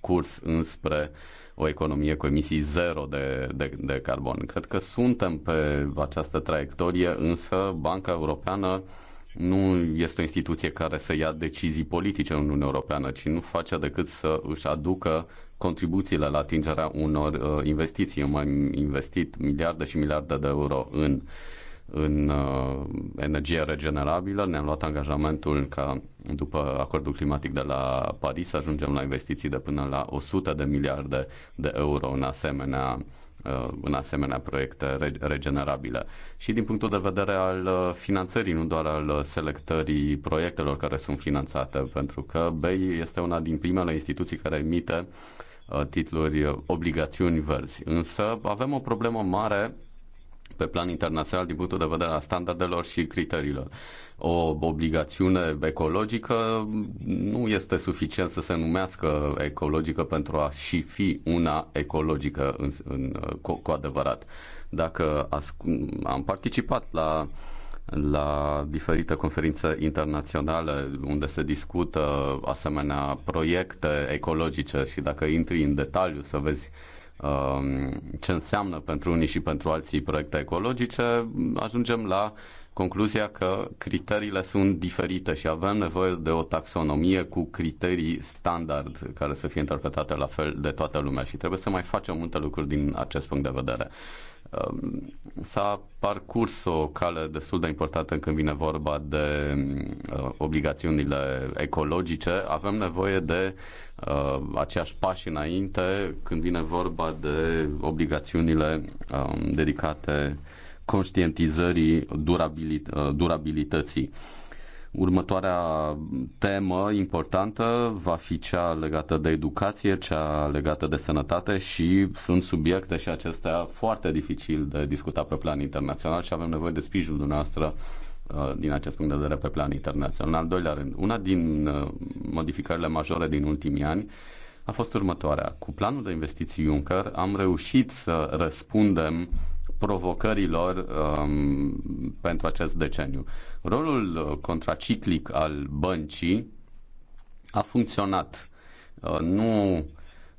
Speaker 3: curs înspre o economie cu emisii zero de, de, de carbon. Cred că suntem pe această traiectorie, însă Banca Europeană uh, nu este o instituție care să ia decizii politice în Uniunea Europeană, ci nu face decât să își aducă contribuțiile la atingerea unor uh, investiții. Eu am investit miliarde și miliarde de euro în, în uh, energie regenerabilă, ne-am luat angajamentul ca după acordul climatic de la Paris să ajungem la investiții de până la 100 de miliarde de euro în asemenea Uh, în asemenea proiecte regenerabile. Și din punctul de vedere al uh, finanțării, nu doar al uh, selectării proiectelor care sunt finanțate, pentru că BEI este una din primele instituții care emite titluri obligațiuni verzi. Însă avem o problemă mare pe plan internațional din punctul de vedere a standardelor și criteriilor. O obligațiune ecologică nu este suficient să se numească ecologică pentru a și fi una ecologică în, în, cu, cu adevărat. Dacă am participat la la diferite conferințe internaționale unde se discută asemenea proiecte ecologice și dacă intri în detaliu să vezi uh, Um, ce înseamnă pentru unii și pentru alții proiecte ecologice, ajungem la concluzia că criteriile sunt diferite și avem nevoie de o taxonomie cu criterii standard care să fie interpretate la fel de toată lumea și trebuie să mai facem multe lucruri din acest punct de vedere. Um, s-a parcurs o cale destul de importantă când vine vorba de uh, obligațiunile ecologice. Avem nevoie de uh, aceeași pași înainte când vine vorba de obligațiunile um, dedicate conștientizării durabilit- uh, durabilității. Următoarea temă importantă va fi cea legată de educație, cea legată de sănătate și sunt subiecte și acestea foarte dificil de discutat pe plan internațional și avem nevoie de sprijinul dumneavoastră uh, din acest punct de vedere pe plan internațional. În doilea rând, una din uh, modificările majore din ultimii ani a fost următoarea. Cu planul de investiții Juncker am reușit să răspundem provocărilor um, pentru acest deceniu. Rolul uh, contraciclic al băncii a funcționat. Uh, nu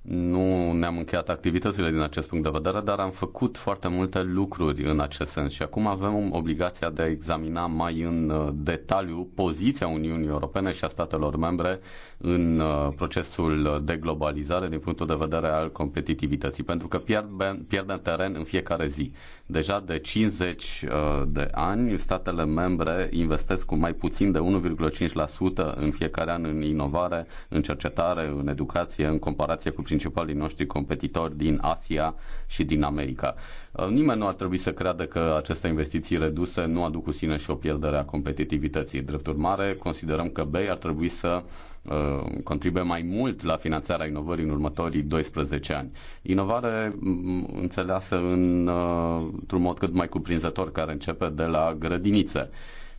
Speaker 3: nu ne-am încheiat activitățile din acest punct de vedere, dar am făcut foarte multe lucruri în acest sens și acum avem obligația de a examina mai în uh, detaliu poziția Uniunii Europene și a statelor membre în uh, procesul de globalizare din punctul de vedere al competitivității, pentru că pierdem, pierdem teren în fiecare zi. Deja de 50 uh, de ani, statele membre investesc cu mai puțin de 1,5% în fiecare an în inovare, în cercetare, în educație, în comparație cu principalii noștri competitori din Asia și din America. Uh, nimeni nu ar trebui să creadă că aceste investiții reduse nu aduc cu sine și o pierdere a competitivității. Drept urmare, considerăm că BEI ar trebui să uh, contribuie mai mult la finanțarea inovării în următorii 12 ani. Inovare mm, înțeleasă în, uh, într-un mod cât mai cuprinzător, care începe de la grădinițe.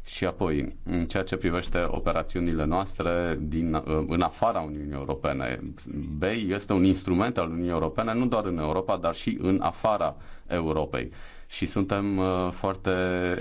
Speaker 3: Și apoi, în ceea ce privește operațiunile noastre din, uh, în afara Uniunii Europene, BEI este un instrument al Uniunii Europene nu doar în Europa, dar și în afara Europei. Și suntem uh, foarte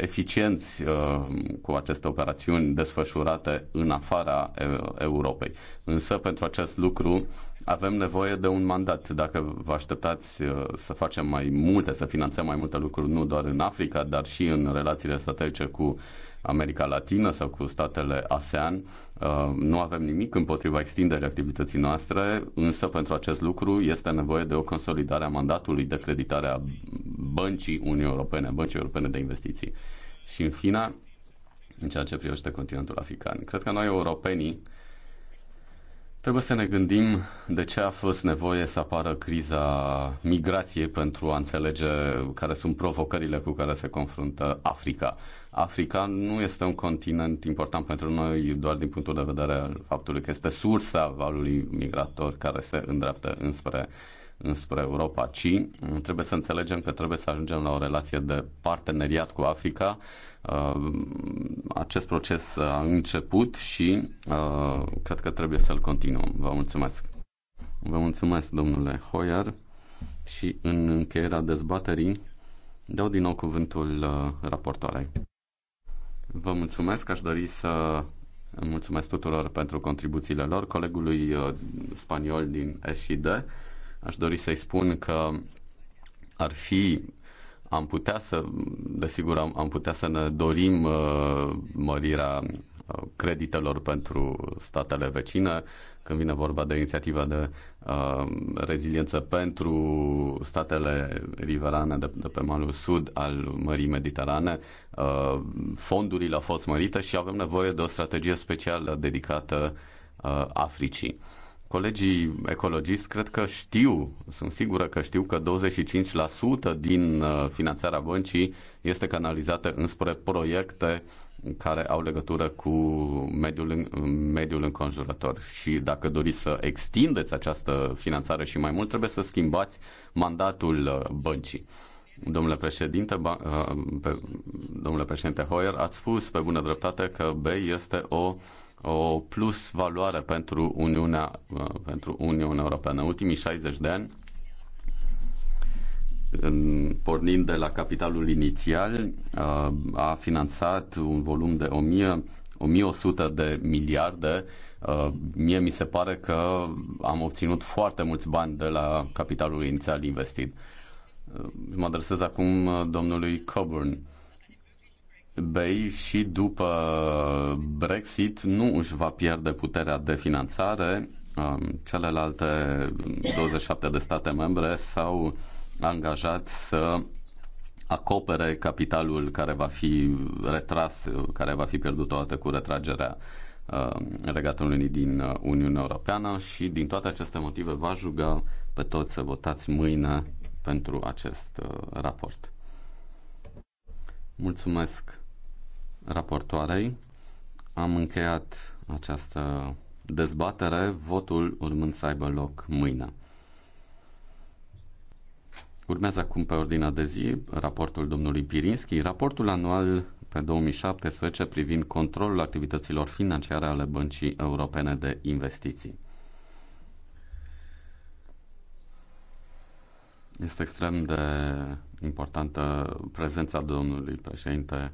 Speaker 3: eficienți uh, cu aceste operațiuni desfășurate în afara Europei. Însă, pentru acest lucru, avem nevoie de un mandat. Dacă vă așteptați să facem mai multe, să finanțăm mai multe lucruri, nu doar în Africa, dar și în relațiile strategice cu uh, America Latină sau cu statele ASEAN. Uh, nu avem nimic împotriva extinderii activității noastre, însă pentru acest lucru este nevoie de o consolidare a mandatului de creditare a băncii Uniunii Europene, băncii europene de investiții. Și în fine, în ceea ce privește continentul african. Cred că noi, europenii, Trebuie să ne gândim de ce a fost nevoie să apară criza migrației pentru a înțelege care sunt provocările cu care se confruntă Africa. Africa nu este un continent important pentru noi doar din punctul de vedere al faptului că este sursa valului migrator care se îndreaptă înspre, înspre Europa, ci trebuie să înțelegem că trebuie să ajungem la o relație de parteneriat cu Africa. Uh, acest proces a început și uh, cred că trebuie să-l continuăm. Vă mulțumesc! Vă mulțumesc, domnule Hoyer, și în încheierea dezbaterii dau din nou cuvântul uh, raportoarei. Vă mulțumesc, aș dori să mulțumesc tuturor pentru contribuțiile lor. Colegului uh, spaniol din SID, aș dori să-i spun că ar fi am putea să, desigur, am, am putea să ne dorim uh, mărirea uh, creditelor pentru statele vecine, când vine vorba de inițiativa de uh, reziliență pentru statele riverane de, de pe malul sud al Mării Mediterane. Uh, fondurile au fost mărite și avem nevoie de o strategie specială dedicată uh, Africii. Colegii ecologiști cred că știu, sunt sigură că știu că 25% din uh, finanțarea băncii este canalizată înspre proiecte uh, care au legătură cu mediul, mediul înconjurător. Și dacă doriți să extindeți această finanțare și mai mult, trebuie să schimbați mandatul uh, băncii. Domnule președinte, ba, uh, pe, domnule președinte Hoyer, ați spus pe bună dreptate că BEI este o o plus valoare pentru Uniunea, uh, pentru Uniunea Europeană. În ultimii 60 de ani, în, pornind de la capitalul inițial, uh, a finanțat un volum de 1000, 1100 de miliarde. Uh, mie mi se pare că am obținut foarte mulți bani de la capitalul inițial investit. Uh, mă adresez acum domnului Coburn. Bay și după Brexit nu își va pierde puterea de finanțare. Um, celelalte 27 de state membre s-au angajat să acopere capitalul care va fi retras, care va fi pierdut odată cu retragerea uh, regatului din uh, Uniunea Europeană și din toate aceste motive va juga pe toți să votați mâine pentru acest uh, raport. Mulțumesc raportoarei. Am încheiat această dezbatere, votul urmând să aibă loc mâine. Urmează acum pe ordinea de zi raportul domnului Pirinski, raportul anual pe 2017 privind controlul activităților financiare ale Băncii Europene de Investiții. Este extrem de importantă prezența domnului președinte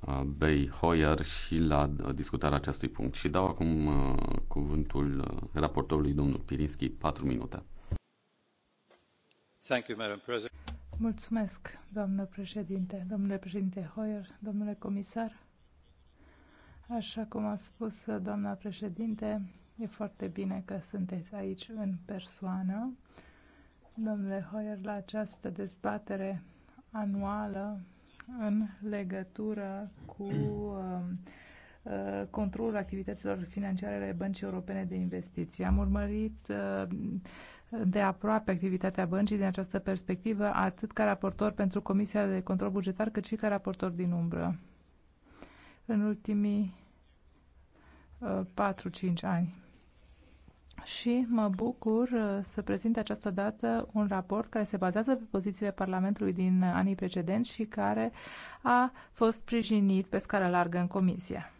Speaker 3: uh, Bei Hoyer și la uh, discutarea acestui punct. Și dau acum uh, cuvântul raportorului domnul Pirinski, 4 minute.
Speaker 6: Mulțumesc, doamnă președinte, domnule președinte Hoyer, domnule comisar. Așa cum a spus doamna președinte, e foarte bine că sunteți aici în persoană. Domnule Hoyer, la această dezbatere anuală în legătură cu um, uh, controlul activităților financiare ale Băncii Europene de Investiții. Am urmărit uh, de aproape activitatea băncii din această perspectivă, atât ca raportor pentru Comisia de Control Bugetar, cât și ca raportor din umbră în ultimii 4-5 uh, ani. Și mă bucur uh, să prezint această dată un raport care se bazează pe pozițiile Parlamentului din anii precedenți și care a fost sprijinit pe scară largă în comisie.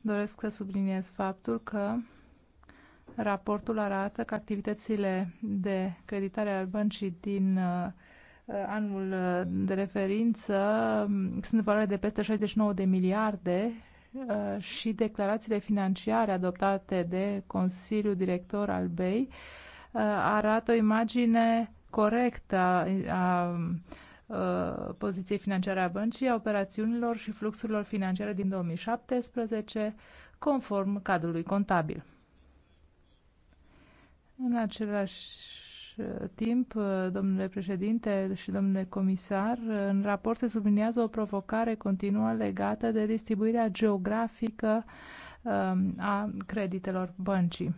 Speaker 6: Doresc să subliniez faptul că Raportul arată că activitățile de creditare al băncii din uh, anul uh, de referință um, sunt valoare de peste 69 de miliarde uh, și declarațiile financiare adoptate de Consiliul Director al BEI arată o imagine corectă a, a, a poziției financiare a băncii, a operațiunilor și fluxurilor financiare din 2017, conform cadrului contabil. În același uh, timp, uh, domnule președinte și domnule comisar, uh, în raport se subliniază o provocare continuă legată de distribuirea geografică um, a creditelor băncii.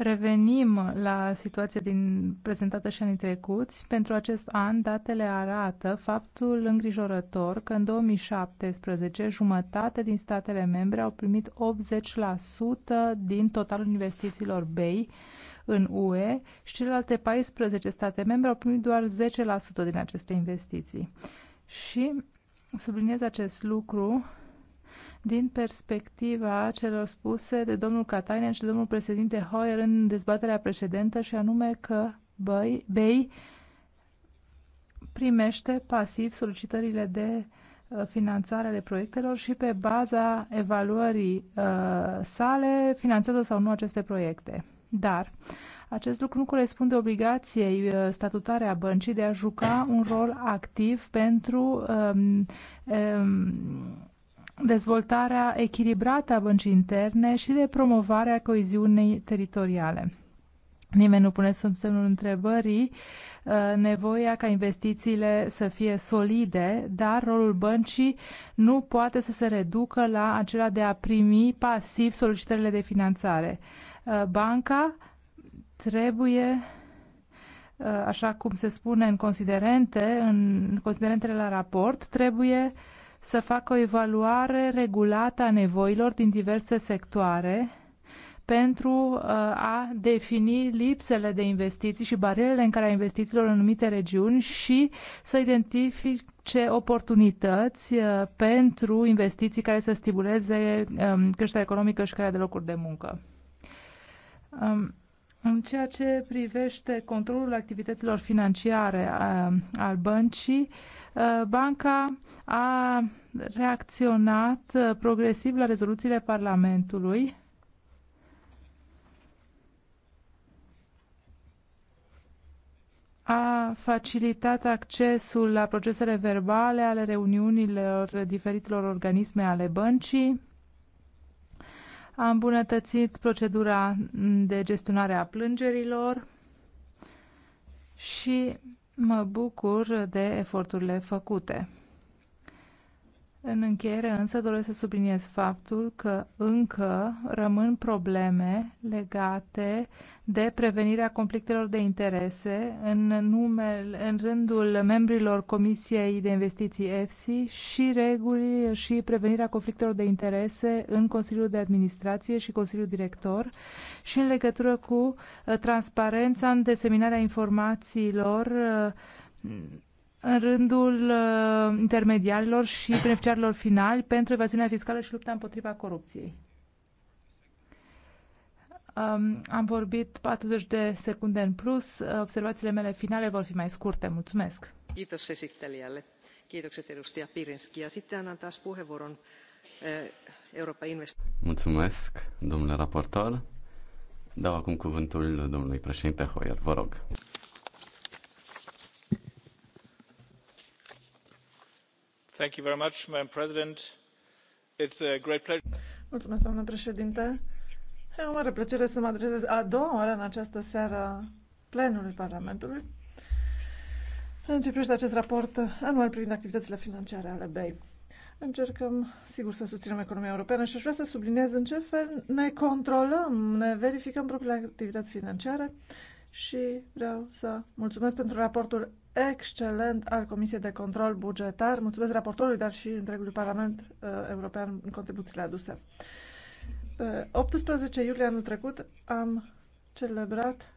Speaker 6: Revenim la situația din prezentată și anii trecuți. Pentru acest an, datele arată faptul îngrijorător că în 2017 jumătate din statele membre au primit 80% din totalul investițiilor BEI în UE și celelalte 14 state membre au primit doar 10% din aceste investiții. Și subliniez acest lucru din perspectiva celor spuse de domnul Katainen și domnul președinte Hoyer în dezbaterea precedentă și anume că BEI primește pasiv solicitările de uh, finanțare ale proiectelor și pe baza evaluării uh, sale finanțează sau nu aceste proiecte. Dar acest lucru nu corespunde obligației uh, statutare a băncii de a juca un rol activ pentru um, um, dezvoltarea echilibrată a băncii interne și de promovarea coeziunii teritoriale. Nimeni nu pune sub semnul întrebării uh, nevoia ca investițiile să fie solide, dar rolul băncii nu poate să se reducă la acela de a primi pasiv solicitările de finanțare. Uh, banca trebuie uh, așa cum se spune în considerente, în considerentele la raport, trebuie uh, să facă o evaluare regulată a nevoilor din diverse sectoare pentru uh, a defini lipsele de investiții și barierele în care a investițiilor în anumite regiuni și să identifice oportunități uh, pentru investiții care să stimuleze um, creșterea economică și crearea de locuri de muncă. Um, în ceea ce privește controlul activităților financiare uh, al băncii, Uh, banca a reacționat uh, progresiv la rezoluțiile Parlamentului a facilitat accesul la procesele verbale ale reuniunilor diferitelor organisme ale băncii, a îmbunătățit procedura de gestionare a plângerilor și Mă bucur de eforturile făcute. În încheiere însă doresc să subliniez faptul că încă rămân probleme legate de prevenirea conflictelor de interese în, numele, în rândul membrilor Comisiei de Investiții EFSI și reguli și prevenirea conflictelor de interese în Consiliul de Administrație și Consiliul Director și în legătură cu uh, transparența în deseminarea informațiilor uh, în rândul uh, intermediarilor și beneficiarilor finali pentru evaziunea fiscală și lupta împotriva corupției. Um, am vorbit 40 de secunde în plus. Uh, observațiile mele finale vor fi mai scurte. Mulțumesc! Eh,
Speaker 2: invest...
Speaker 3: Mulțumesc, domnule raportor. Dau acum cuvântul domnului președinte Hoyer. Vă rog.
Speaker 4: domnule
Speaker 5: președinte este o mare plăcere să mă adresez a doua oară în această seară plenului parlamentului în ce privește acest raport anual privind activitățile financiare ale bei. Încercăm, sigur, să susținem economia europeană și aș vrea să subliniez în ce fel ne controlăm, ne verificăm propriile activități financiare și vreau să mulțumesc pentru raportul excelent al Comisiei de Control Bugetar. Mulțumesc raportorului, dar și întregului Parlament uh, European în contribuțiile aduse. Uh, 18 iulie anul trecut am celebrat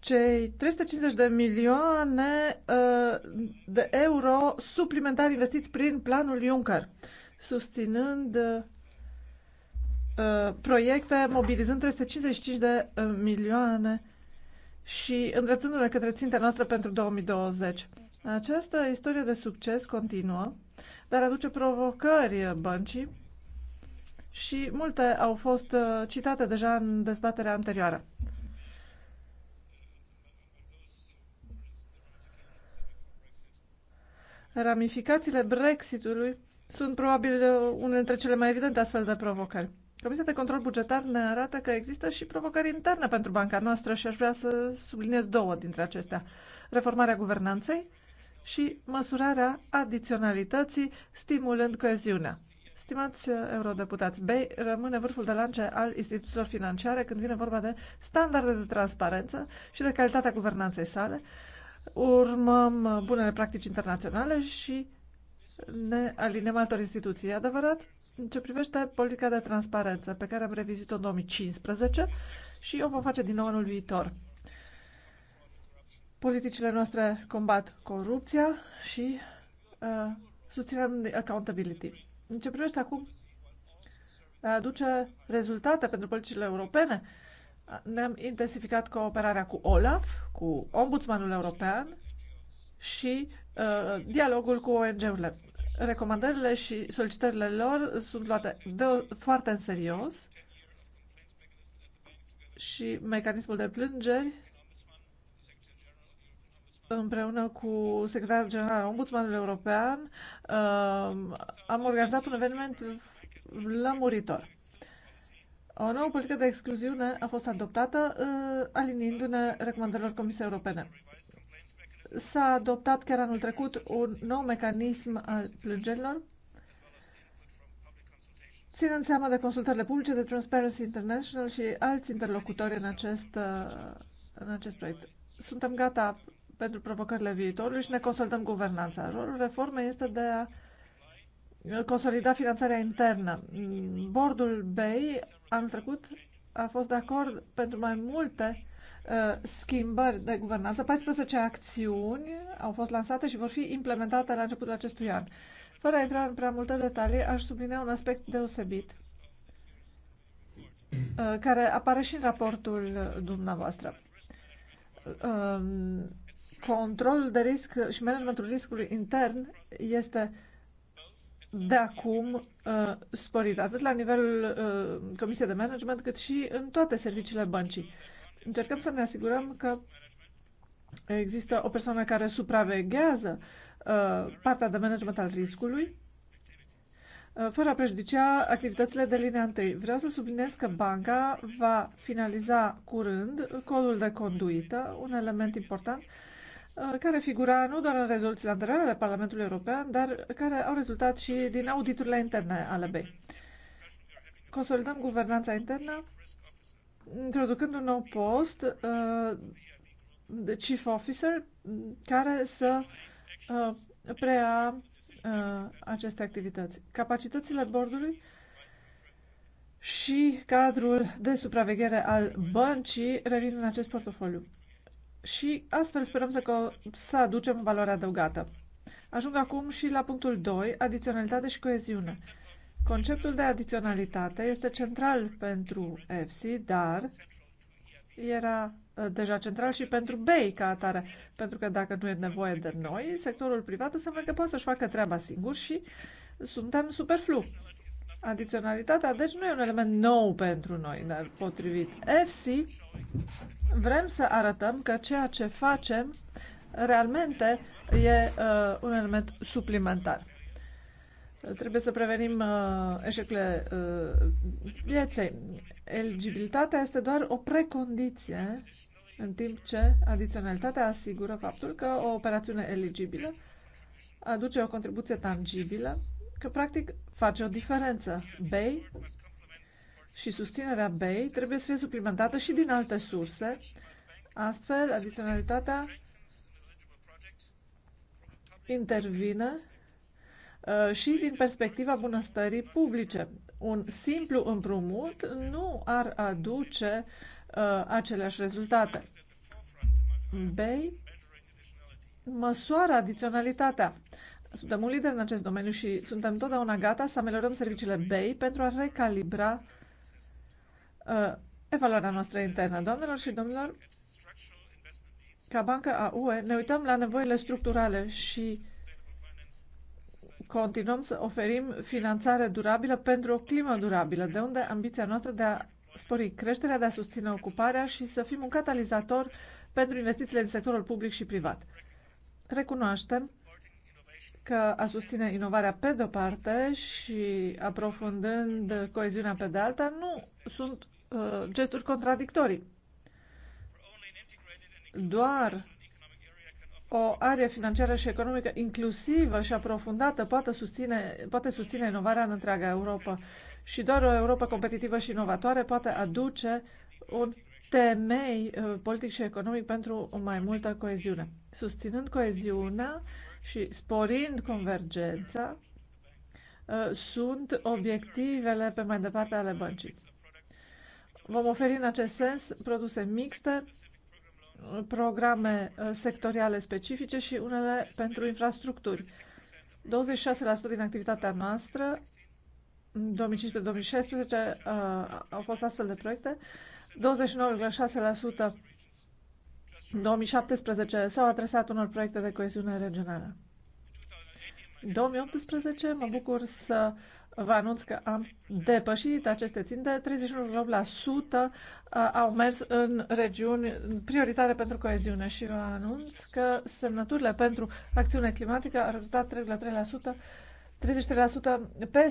Speaker 5: cei 350 de milioane uh, de euro suplimentari investiți prin planul Juncker, susținând uh, uh proiecte, mobilizând 355 de uh, milioane și îndreptându-ne către ținta noastră pentru 2020. Această istorie de succes continuă, dar aduce provocări băncii și multe au fost uh, citate deja în dezbaterea anterioară. Ramificațiile Brexitului sunt probabil uh, unele dintre cele mai evidente astfel de provocări. Comisia de Control Bugetar ne arată că există și provocări interne pentru banca noastră și aș vrea să subliniez două dintre acestea. Reformarea guvernanței și măsurarea adiționalității, stimulând coeziunea. Stimați uh, eurodeputați, BEI rămâne vârful de lance al instituțiilor financiare când vine vorba de standarde de transparență și de calitatea guvernanței sale. Urmăm uh, bunele practici internaționale și ne alinem altor instituții. E adevărat? În ce privește politica de transparență, pe care am revizit-o în 2015 și o vom face din nou anul viitor. Politicile noastre combat corupția și uh, susținem accountability. În ce privește acum aduce rezultate pentru politicile europene, ne-am intensificat cooperarea cu OLAF, cu Ombudsmanul European și Uh, dialogul cu ONG-urile. Recomandările și solicitările lor sunt luate de, foarte în serios și mecanismul de plângeri împreună cu secretarul general al Ombudsmanului European uh, am organizat un eveniment lămuritor. O nouă politică de excluziune a fost adoptată, uh, alinindu-ne recomandărilor Comisiei Europene. S-a adoptat chiar anul trecut un nou mecanism al plângerilor, ținând seama de consultările publice de Transparency International și alți interlocutori în acest, uh, în acest proiect. Suntem gata pentru provocările viitorului și ne consultăm guvernanța. Rolul reformei este de a consolida finanțarea internă. Bordul BEI anul trecut a fost de acord pentru mai multe Uh, schimbări de guvernanță. 14 acțiuni au fost lansate și vor fi implementate la începutul acestui an. Fără a intra în prea multe detalii, aș sublinea un aspect deosebit uh, care apare și în raportul dumneavoastră. Um, Controlul de risc și managementul riscului intern este de acum uh, sporit, atât la nivelul Comisiei de Management, cât și în toate serviciile băncii. Încercăm să ne asigurăm că există o persoană care supraveghează uh, partea de management al riscului uh, fără a prejudicia activitățile de linia întâi. Vreau să subliniez că banca va finaliza curând codul de conduită, un element important uh, care figura nu doar în rezoluțiile anterioare ale Parlamentului European, dar care au rezultat și din auditurile interne ale BEI. Consolidăm guvernanța internă introducând un nou post uh, de chief officer care să uh, preia uh, aceste activități. Capacitățile bordului și cadrul de supraveghere al băncii revin în acest portofoliu. Și astfel sperăm să, să aducem valoare adăugată. Ajung acum și la punctul 2, adiționalitate și coeziune. Conceptul de adiționalitate este central pentru FC, dar era uh, deja central și pentru BEI ca atare, pentru că dacă nu e nevoie de noi, sectorul privat înseamnă că poate să-și facă treaba singur și suntem superflu. Adiționalitatea, deci, nu e un element nou pentru noi, dar potrivit FC, vrem să arătăm că ceea ce facem realmente e uh, un element suplimentar. Trebuie să prevenim uh, eșecurile uh, vieței. Eligibilitatea este doar o precondiție, în timp ce adiționalitatea asigură faptul că o operațiune eligibilă aduce o contribuție tangibilă, că practic face o diferență. BEI și susținerea BEI trebuie să fie suplimentată și din alte surse, astfel adiționalitatea intervine Uh, și din perspectiva bunăstării publice. Un simplu împrumut nu ar aduce uh, aceleași rezultate. Bei, măsoară adiționalitatea. Suntem un lider în acest domeniu și suntem totdeauna gata să ameliorăm serviciile BEI pentru a recalibra uh, evaluarea noastră internă. Doamnelor și domnilor, ca bancă a UE ne uităm la nevoile structurale și uh, continuăm să oferim finanțare durabilă pentru o climă durabilă, de unde ambiția noastră de a spori creșterea, de a susține ocuparea și să fim un catalizator pentru investițiile din sectorul public și privat. Recunoaștem că a susține inovarea pe de-o parte și aprofundând coeziunea pe de alta nu sunt uh, gesturi contradictorii. Doar o arie financiară și economică inclusivă și aprofundată poate susține, poate susține inovarea în întreaga Europa. Și doar o Europa competitivă și inovatoare poate aduce un temei uh, politic și economic pentru o mai multă coeziune. Susținând coeziunea și sporind convergența, uh, sunt obiectivele pe mai departe ale băncii. Vom oferi în acest sens produse mixte programe uh, sectoriale specifice și unele pentru infrastructuri. 26% din activitatea noastră, 2015-2016, uh, au fost astfel de proiecte, 29,6% 2017 s-au adresat unor proiecte de coeziune regională. 2018 mă bucur să Vă anunț că am depășit aceste ținte. 31% uh, au mers în regiuni prioritare pentru coeziune și vă anunț că semnăturile pentru acțiune climatică au rezultat 3,3%, 33% pe